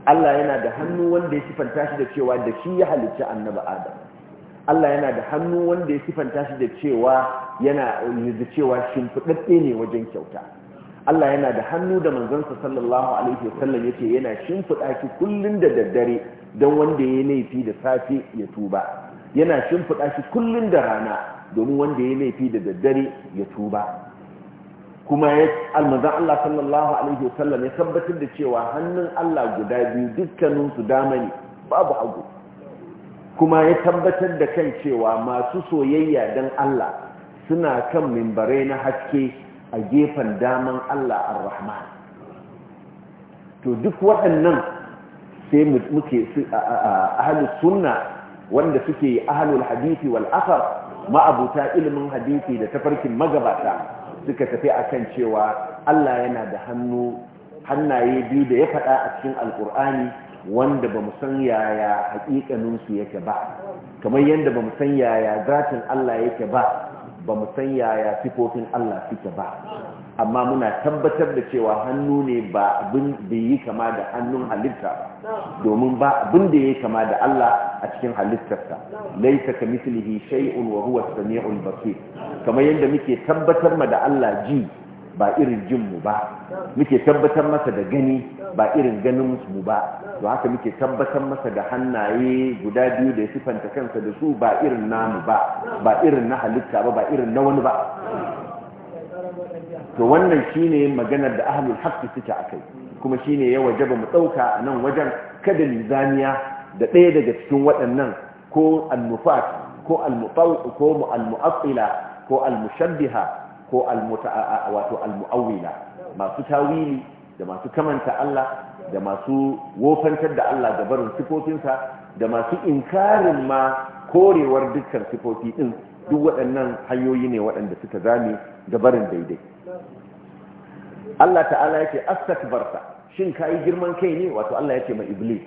Allah yana da hannu wanda ya sifanta shi da cewa da shi ya halicci annabi Adam Allah yana da hannu wanda ya sifanta shi da cewa yana da cewa shimfiɗaɗɗe ne wajen kyauta Allah yana da hannu da manzansa sallallahu alaihi wasallam yake, yana shimfiɗa shi kullun da daddare don wanda ya laifi da safe ya tuba yana shimfiɗa shi kullun da rana domin wanda ya laifi da daddare ya tuba kuma ya almazan Allah sallallahu alaihi wasallam ya tabbatar da cewa hannun Allah guda biyu dukkaninsu dama ne babu hagu kuma ya tabbatar da kan cewa masu soyayya don Allah suna kan mimbare na haske a gefen daman Allah ar-Rahman to duk waɗannan sai muke ahlus sunna wanda suke ahlul hadisi wal athar ma'abuta ilimin hadisi da tafarkin magabata suka tafi akan cewa Allah yana da hannu hannaye biyu da ya faɗa a cikin alkur'ani wanda ba mu san yaya hakikaninsu yake ba kamar yadda ba mu san yaya zatin Allah yake ba ba mu san yaya sifofin Allah suke ba amma muna tabbatar da cewa hannu ne ba abin da yi kama da hannun halitta ba domin ba abin da yi kama da Allah a cikin halittarsa laisa ka mislihi shay'un wa huwa as-sami'ul basir kamar yadda muke tabbatar ma da Allah ji ba irin jin mu ba muke tabbatar masa da gani ba irin ganin mu ba to haka muke tabbatar masa da hannaye guda biyu da ya sifanta kansa da su ba irin namu ba ba irin na halitta ba ba irin na wani ba to wannan shine maganar da ahlul haqqi suke akai kuma shine ya wajaba mu dauka a nan wajen kada mizaniya da ɗaya daga cikin waɗannan ko al ko al ko al ko al-mushabbiha ko wato almu'awwila masu tawili da masu kamanta Allah da masu wofantar da Allah da barin sifofinsa da masu inkarin ma korewar dukkan sifofi ɗin, duk waɗannan hanyoyi ne waɗanda suka zame da barin daidai Allah ta'ala yake astakbarta shin kai girman kai ne wato Allah yake ma iblis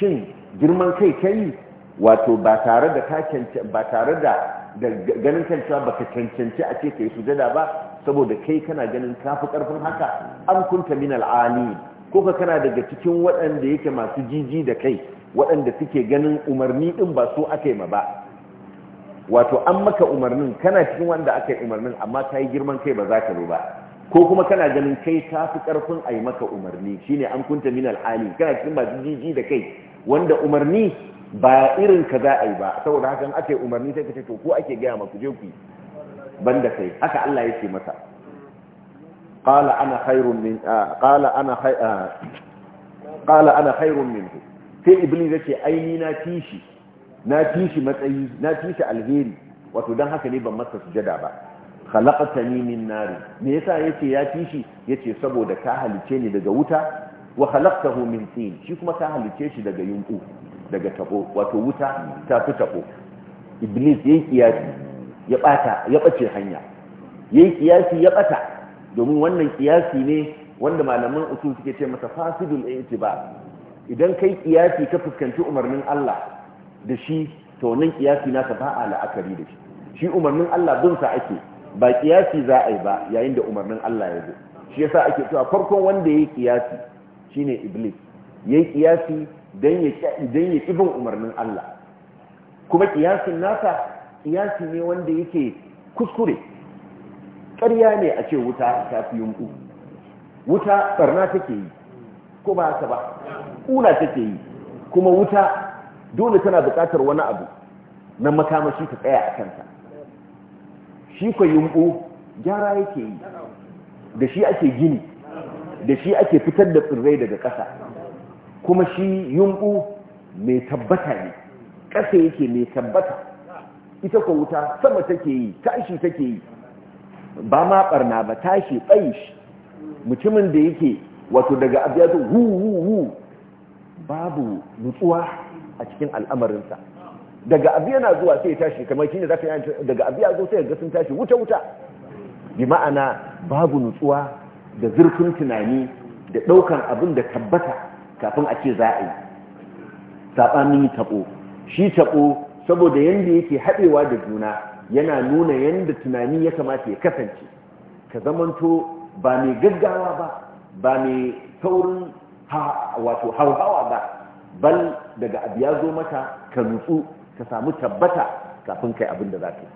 shin girman kai kai wato ba tare da ba tare da da ganin kan cewa baka cancanci a ce kai sujada ba saboda kai kana ganin kafi karfin haka an kunta min al'ali ko ka kana daga cikin waɗanda yake masu jiji da kai waɗanda suke ganin umarni din ba so aka yi ma ba wato an maka umarnin kana cikin wanda aka yi umarnin amma ka yi girman kai ba za ka zo ba ko kuma kana ganin kai ta fi karfin a yi maka umarni shine an kunta min al'ali kana cikin masu jiji da kai wanda umarni ba irin ka za a yi ba saboda hakan ake umarni sai ka ce to ko ake gaya maku je ku banda kai haka Allah yake masa qala ana khairun min qala ana qala ana khairun sai iblis yace ai ni na tishi na tishi matsayi na tishi alheri wato dan haka ne ban masa sujada ba khalaqtani min nar me yasa yace ya tishi yace saboda ka halice ni daga wuta wa khalaqtahu min tin shi kuma ka halice shi daga yunku daga tabo wato wuta ta fi tabo iblis yayi kiyasi ya bata ya bace hanya yayi kiyasi ya bata domin wannan kiyasi ne wanda malaman usul suke ce masa fasidul i'tibar idan kai kiyasi ka fuskanci umarnin Allah da shi to wannan kiyasi naka ba a la'akari da shi shi umarnin Allah bin sa ake ba kiyasi za a yi ba yayin da umarnin Allah ya zo shi yasa ake cewa farkon wanda yayi kiyasi shine iblis yayi kiyasi dan ya dan ya kibin umarnin Allah kuma kiyasin nasa kiyasi ne wanda yake kuskure ƙarya ne a ce wuta ta fi yunku wuta barna take yi ko ba ta ba kula take yi kuma wuta dole tana buƙatar wani abu na makamashi ta tsaya a kanta shi ko yunku gyara yake yi da shi ake gini da shi ake fitar da tsirrai daga ƙasa kuma shi yunɓu mai tabbata ne ƙasa yake mai tabbata ita ko wuta sama take yi tashi take yi ba ma ɓarna ba tashi tsayi shi mutumin da yake wato daga abiyatu hu hu hu babu nutsuwa a cikin al'amarinsa daga abu yana zuwa sai tashi kamar shi ne za ka yi daga abu ya zo sai ga sun tashi wuta-wuta bi ma'ana babu nutsuwa da zurfin tunani da ɗaukan abin da tabbata kafin a ce za a yi saɓanin taɓo shi taɓo saboda yadda yake haɗewa da juna yana nuna yadda tunani ya kamata ya kasance ka zamanto ba mai gaggawa ba ba mai saurin wato hauhawa ba bal daga abu ya zo mata, ka nutsu ka samu tabbata kafin kai abin da za ka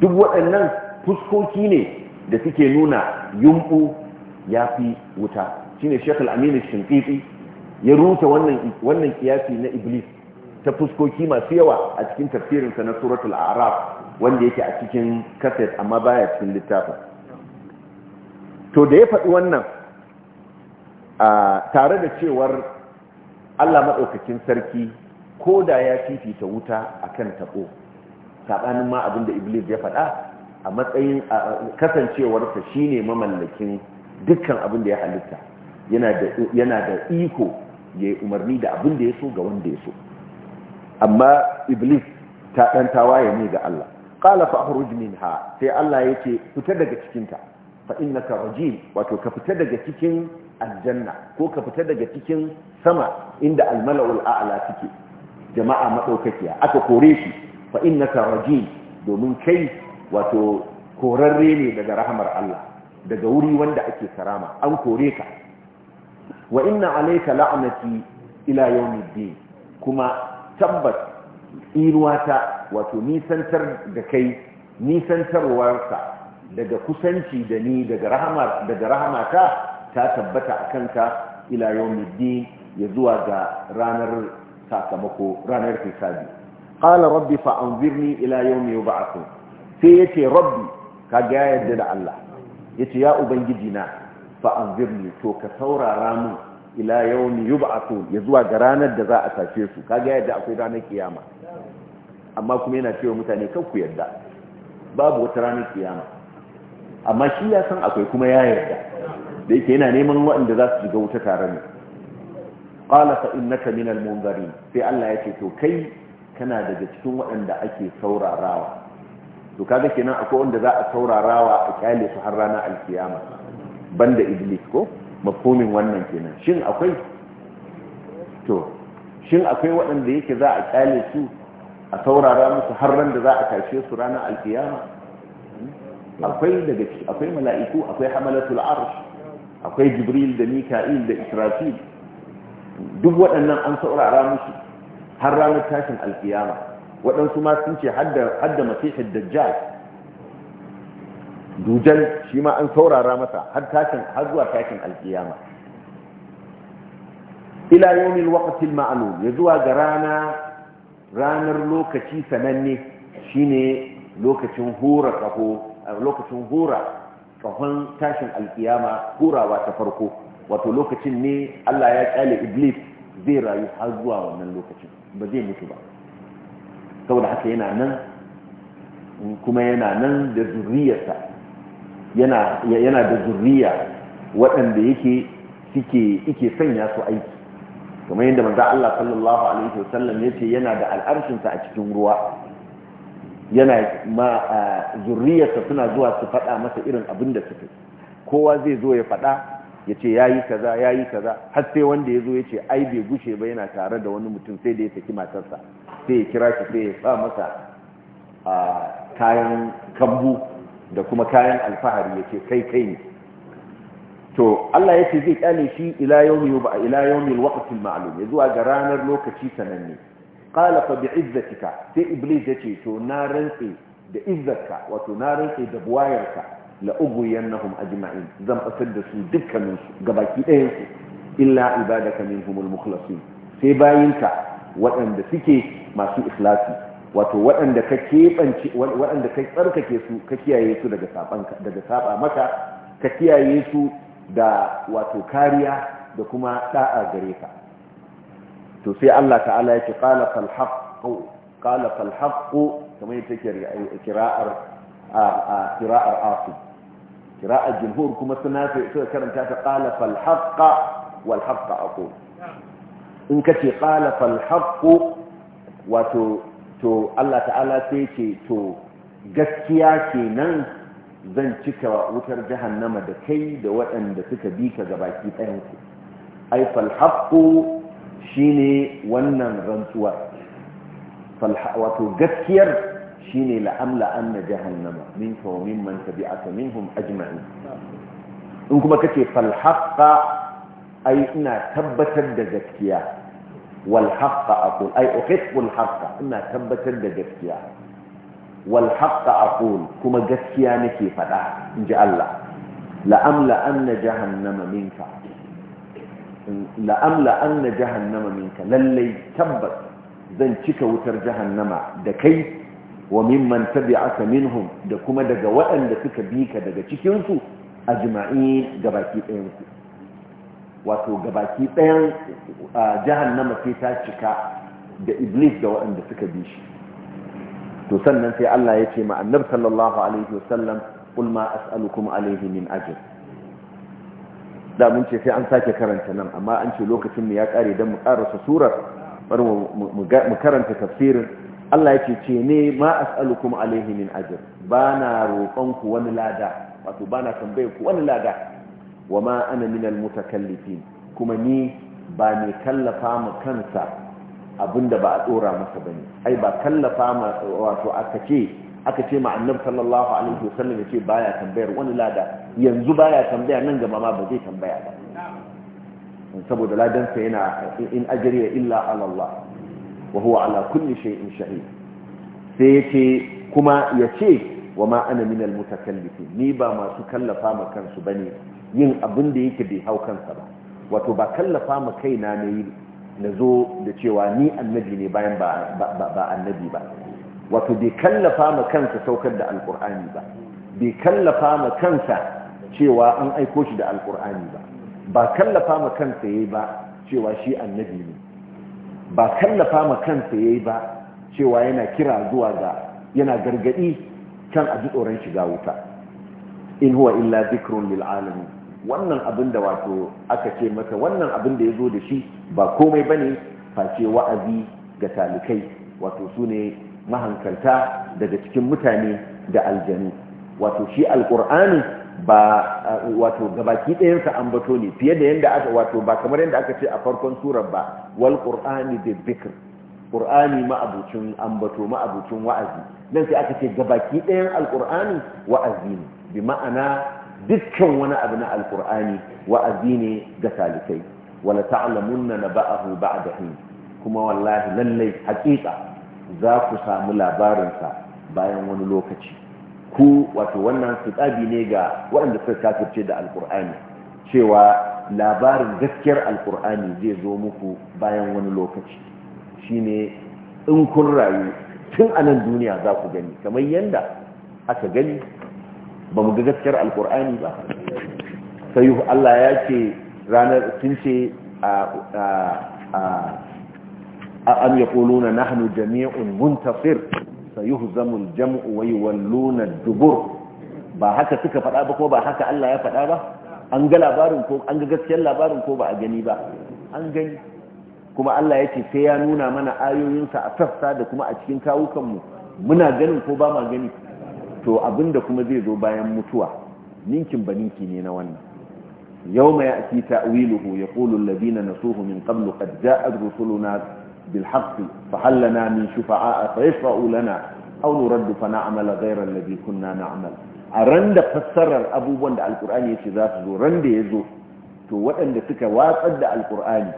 duk waɗannan fuskoki ne da suke nuna yumbu ya fi wuta shine ne shekul aminu shimfifi ya rusa wannan kiyasi na Iblis ta fuskoki masu yawa a cikin tafsirinsa na suratul A'raf wanda yake a cikin kaset amma baya cikin littafin to da ya faɗi wannan a tare da cewar Allah maɗaukakin sarki ko da ya fifita wuta akan taɓo saɓanin ma abinda Iblis ya faɗa a matsayin kasancewarsa shine mamallakin dukkan abin da ya halitta yana da iko ya yi umarni da abin da ya so ga wanda ya so amma iblis ta ɗan tawaye ne ga Allah Ƙalafa fa min ha sai Allah ya ce fita daga cikinta fa ka rajim wato ka fita daga cikin aljanna ko ka fita daga cikin sama inda almala'ul a'ala suke. jama'a madaukakiya aka kore shi fa ka rajim domin kai wato korarre ne daga rahamar Allah daga wuri wanda ake karama an kore ka wa inna alayka la'nati ila yawmiddin kuma tabbas inuwata wato nisantar da kai nisantarwarsa daga kusanci da ni daga rahamar daga rahamata ta tabbata akan ka ila yawmiddin ya zuwa ga ranar sakamako ranar hisabi qala rabbi fa'anzirni ila yawmi yub'athun sai ya ce rabbi ka ga yadda da Allah ya ce ya ubangiji na fa'anzirni to ka saurara mun ila Yuba yub'atu ya zuwa ga ranar da za a tashe su ka ga yadda akwai ranar kiyama amma kuma yana cewa mutane kan ku yarda babu wata ranar kiyama amma shi ya san akwai kuma ya yarda da yake yana neman waɗanda za su shiga wuta tare ne qala fa innaka minal munzirin sai Allah ya ce to kai kana daga cikin waɗanda ake saurarawa to kaga kenan akwai wanda za a wa a kyale su har rana alkiyama banda iblis ko makomin wannan kenan shin akwai to shin akwai waɗanda yake za a kyale su a saurara musu har ran da za a tashe su ranar alkiyama akwai daga ciki akwai mala'iku akwai hamalatul arsh akwai jibril da mika'il da israfil duk waɗannan an saurara musu har ranar tashin alkiyama waɗansu ma sun ce hadda masihin dajjal dujal shi ma an saurara masa har zuwa tashin alkiyama ila yawmil waqtil ma'lum ya zuwa ga rana ranar lokaci sananne shine lokacin hura kaho eh, kahon tashin alkiyama hurawa ta farko wato lokacin ne Allah ya kyale iblis zai rayu har zuwa wannan lokacin ba zai mutu ba saboda haka yana nan kuma yana nan da zurriyarsa yana da zurriya waɗanda yake suke sanya su aiki kamar yadda manzo Allah sallallahu alaihi wasallam yace yana da al'arshinsa a cikin ruwa yana ma zurriyarsa suna zuwa su faɗa masa irin abin da suke kowa zai zo ya faɗa ya ce ya yi kaza ya yi kaza har sai wanda ya zo ya ce ai bai gushe ba yana tare da wani mutum sai da ya saki matarsa sai ya kira shi sai ya sa masa a kayan kambu da kuma kayan alfahari ya ce kai kai ne to Allah ya ce zai kyale shi ila yawmi ba ila yawmi alwaqt almalum zuwa ga ranar lokaci sananne qala fa bi'izzatika sai iblis ya ce to na rantse da izzarka wato na rantse da buwayarka la ugwiyannahum ajma'in zan fasar da su dukkanin su gabaki ɗayan su illa ibadaka minhumul mukhlasin sai bayinka waɗanda suke masu ikhlasi wato waɗanda ka keɓance waɗanda ka tsarkake su ka kiyaye su daga daga saba maka ka kiyaye su da wato kariya da kuma da'a gare ka to sai Allah ta'ala ya ce qala fal haqq qala fal haqq kamar yadda take kira'ar a kira'ar asu kira'ar jumhur kuma suna suka karanta ta qala fal haqq wal haqq aqul in kace qala fal haqq wato to Allah ta'ala sai ce to gaskiya kenan zan cika wutar jahannama da kai da waɗanda suka bi ka gabaki ɗayanku ai shi ne wannan rantsuwa wato gaskiyar shine la'amla na jahannama minka wa mimman tabi'aka minhum ajma'in in kuma kace falhaqqa ai ina tabbatar da gaskiya wal haqqa aqul ay uhibbu al haqqa ina tabbatar da gaskiya wal haqqa aqul kuma gaskiya nake faɗa inji Allah la amla anna jahannama minka lallai tabbas zan cika wutar jahannama da kai wa mimman tabi'aka minhum da kuma daga waɗanda suka bi ka daga cikinsu ajma'in gabaki ɗayansu wato gabaki ɗayan jahannama sai ta cika da iblis da waɗanda suka bi shi to sannan sai Allah ya ce ma annab sallallahu alaihi wasallam ulma as'alukum alaihi min ajr da mun ce sai an sake karanta nan amma an ce lokacin mu ya kare dan mu karasa surar bar mu karanta tafsirin Allah ya ce ce ne ma as'alukum alaihi min ajr bana roƙon ku wani lada wato bana tambaye ku wani lada wa ma ana minal mutakallifin kuma ni ba mai kallafa ma kansa abinda ba a tsora masa bane ai ba kallafa ma wato aka ce aka ce ma annabi sallallahu alaihi wasallam yace baya tambayar wani lada yanzu baya tambaya nan gaba ma ba zai tambaya ba saboda ladansa yana in ajriya illa ala Allah wa huwa ala kulli shay'in shahid sai yace kuma yace wa ma ana minal mutakallifin ni ba masu kallafa ma kansu bane yin abin da yake bai hau kansa ba wato ba kallafa ma kaina na na zo da cewa ni annabi ne bayan ba annabi ba wato bai kallafa ma kansa saukar da alkur'ani ba bai kallafa ma kansa cewa an aiko shi da alkur'ani ba ba kallafa ma kansa yayi ba cewa shi annabi ne ba kallafa ma kansa yayi ba cewa yana kira zuwa ga yana gargadi kan ji tsoron shiga wuta in huwa illa zikrun lil alamin wannan abin da wato aka ce maka wannan abin da yazo da shi ba komai bane face wa'azi ga talikai wato sune mahankalta daga cikin mutane da aljanu wato shi alqur'ani ba wato gabaki ɗayan sa ambato ne fiye da yanda aka wato ba kamar yanda aka ce a farkon surar ba wal qur'ani bi dhikr qur'ani ambato ma'abucin wa'azi nan sai aka ce gabaki ɗayan alqur'ani wa'azi ne bi ma'ana dukkan wani abu na alkur'ani wa'azi ne ga talikai wala ta'lamunna naba'ahu ba'da hin kuma wallahi lallai hakika za ku samu labarinsa bayan wani lokaci ku wato wannan fitabi ne ga waɗanda suka kafirce da alkur'ani cewa labarin gaskiyar alkur'ani zai zo muku bayan wani lokaci shine in kun rayu tun a nan duniya za ku gani kamar yadda aka gani ba mu ga gaskiyar alkur'ani ba sai Allah ya ce ranar sun ce am yaquluna nahnu jami'un muntasir zamun jam'u wa yawalluna dubur ba haka suka faɗa ba ko ba haka Allah ya faɗa ba an ga labarin ko an ga gaskiyar labarin ko ba a gani ba an gani kuma Allah ya ce sai ya nuna mana ayoyinsa a sassa da kuma a cikin kawukanmu muna ganin ko ba ma gani to abinda kuma zai zo bayan mutuwa ninkin ba ninki ne na wannan Yau mai ya'ti ta'wiluhu yaqulu na nasuhu min kablu qad ja'at rusuluna bil fa hal min shufa'a a yashfa'u lana aw nuraddu fa na'mala ghayra alladhi kunna na'mal a ran da fassarar abubuwan da alkur'ani ya ce za su zo ran da ya zo to waɗanda suka watsar da alkur'ani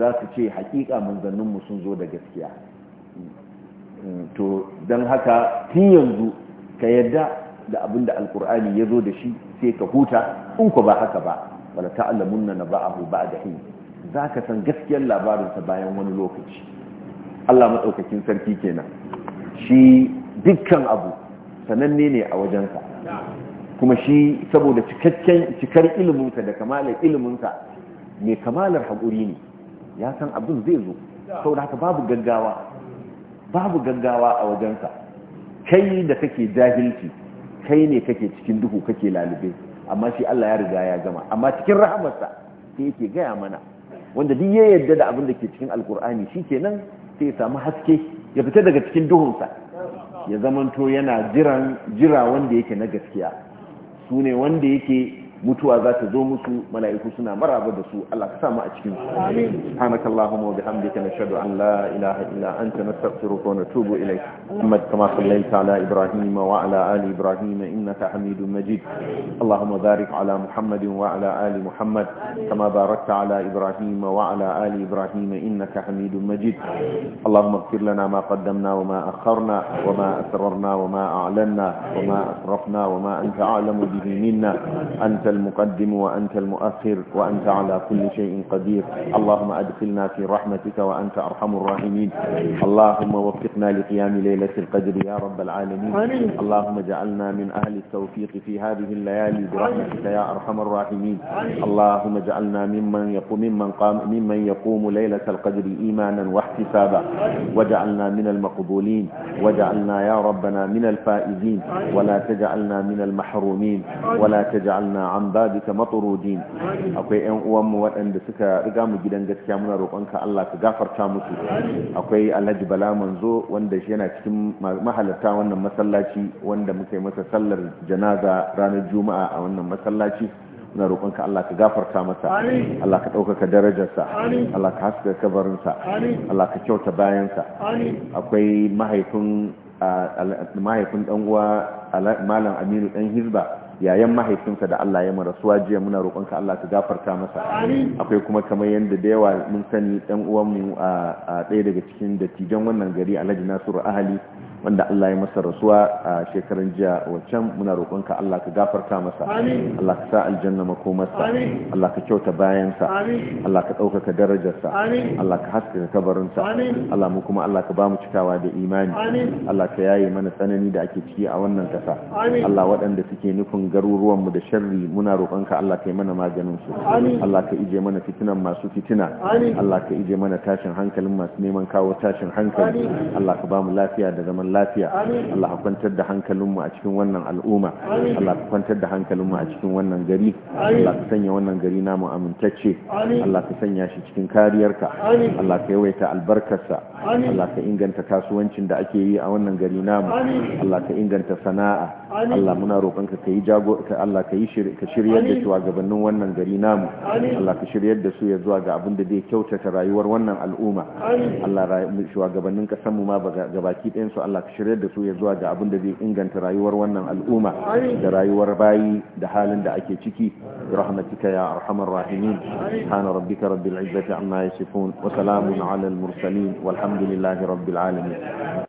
za su ce hakika manzanninmu sun zo da gaskiya hmm. Hmm. to don haka tun yanzu ka yadda da abin da alkur'ani ya zo da shi sai ka huta in ku ba haka ba wala ta'lamunna naba'ahu ba'da hin zaka san gaskiyar labarin sa bayan wani lokaci Allah madaukakin sarki kenan shi dukkan abu sananne ne a wajensa kuma shi saboda cikakken cikar sa da kamalar sa mai kamalar hakuri ne ya san abin zai zo saboda haka babu gaggawa babu gaggawa a wajensa kai da kake jahilci kai ne kake cikin duhu kake lalube amma shi Allah ya riga ya gama amma cikin rahamarsa sai yake gaya mana wanda duk ya yarda da abin da ke cikin alkur'ani shi kenan sai ya samu haske ya fita daga cikin duhunsa ya zamanto yana jiran jira wanda yake na gaskiya su ne wanda yake mutuwa za ta zo musu mala'iku suna maraba da su Allah ka samu a cikin su subhanakallahumma wa bihamdika nashhadu an la ilaha illa anta nastaghfiruka wa natubu ilayk amma kama sallaita ala ibrahima wa ala ali ibrahima innaka hamidum majid allahumma barik ala muhammadin wa ala ali muhammad kama barakta ala ibrahima wa ala ali ibrahima innaka hamidum majid allahumma ighfir lana ma qaddamna wa ma akharna wa ma asrarna wa ma a'lanna wa ma asrafna wa ma anta a'lamu bihi minna أنت المقدم وأنت المؤخر وأنت على كل شيء قدير اللهم أدخلنا في رحمتك وأنت أرحم الراحمين اللهم وفقنا لقيام ليلة القدر يا رب العالمين اللهم اجعلنا من أهل التوفيق في هذه الليالي برحمتك يا أرحم الراحمين اللهم اجعلنا ممن يقوم ممن قام ممن يقوم ليلة القدر إيمانا واحتسابا واجعلنا من المقبولين واجعلنا يا ربنا من الفائزين ولا تجعلنا من المحرومين ولا تجعلنا an bisa maturudin akwai yan uwanmu waɗanda suka riga mu gidan gaskiya muna roƙonka Allah ka gafarta musu akwai Alhaji Bala Manzo wanda shi yana cikin mahalarta wannan masallaci wanda muka yi masa sallar janaza ranar Juma'a a wannan masallaci muna roƙonka Allah ka gafarta masa Allah ka ɗaukaka darajarsa Allah ka haska kabarinsa Allah ka kyauta bayansa akwai mahaifin mahaifin ɗan uwa malam Aminu ɗan Hizba yayan mahaifinsa da Allah ya mara suwa jiya muna roƙonka Allah ka gafarta masa akwai kuma kamar yadda da yawa mun sani ɗan uwanmu a ɗaya daga cikin dattijan wannan gari Alhaji Nasiru Ahali wanda Allah ya masa rasuwa a shekaran jiya wancan muna roƙonka Allah ka gafarta masa Allah ka sa aljanna makomarsa Allah ka kyauta bayansa Allah ka ɗaukaka darajarsa Allah ka haskaka kabarinsa Allah mu kuma Allah ka ba mu cikawa da imani Allah ka yaye mana tsanani da ake ciki a wannan kasa. Allah waɗanda suke nufin garuruwan mu da sharri muna roƙonka Allah ka yi mana maganin su Allah ka ije mana fitinan masu fitina Allah ka ije mana tashin hankalin masu neman kawo tashin hankali Allah ka ba mu lafiya da zaman lafiya Allah ka kwantar da hankalinmu a cikin wannan al'umma Allah ka kwantar da hankalinmu a cikin wannan gari Allah ka sanya wannan gari namu amintacce Allah ka sanya shi cikin kariyarka Allah ka yawaita albarkarsa Allah ka inganta kasuwancin da ake yi a wannan gari namu Allah ka inganta sana'a Allah muna roƙonka ka yi jago ka Allah ka yi ka shiryar da shugabannin wannan gari namu Allah ka shiryar da su ya zuwa ga abin da zai kyautata rayuwar wannan al'umma Allah shugabannin kasan mu ma ga gabaki ɗayan su Allah ka shiryar da su ya zuwa ga abin da zai inganta rayuwar wannan al'umma da rayuwar bayi da halin da ake ciki rahmatika ya arhamar rahimin subhana rabbika rabbil izzati amma yasifun wa salamun ala al mursalin walhamdulillahi rabbil alamin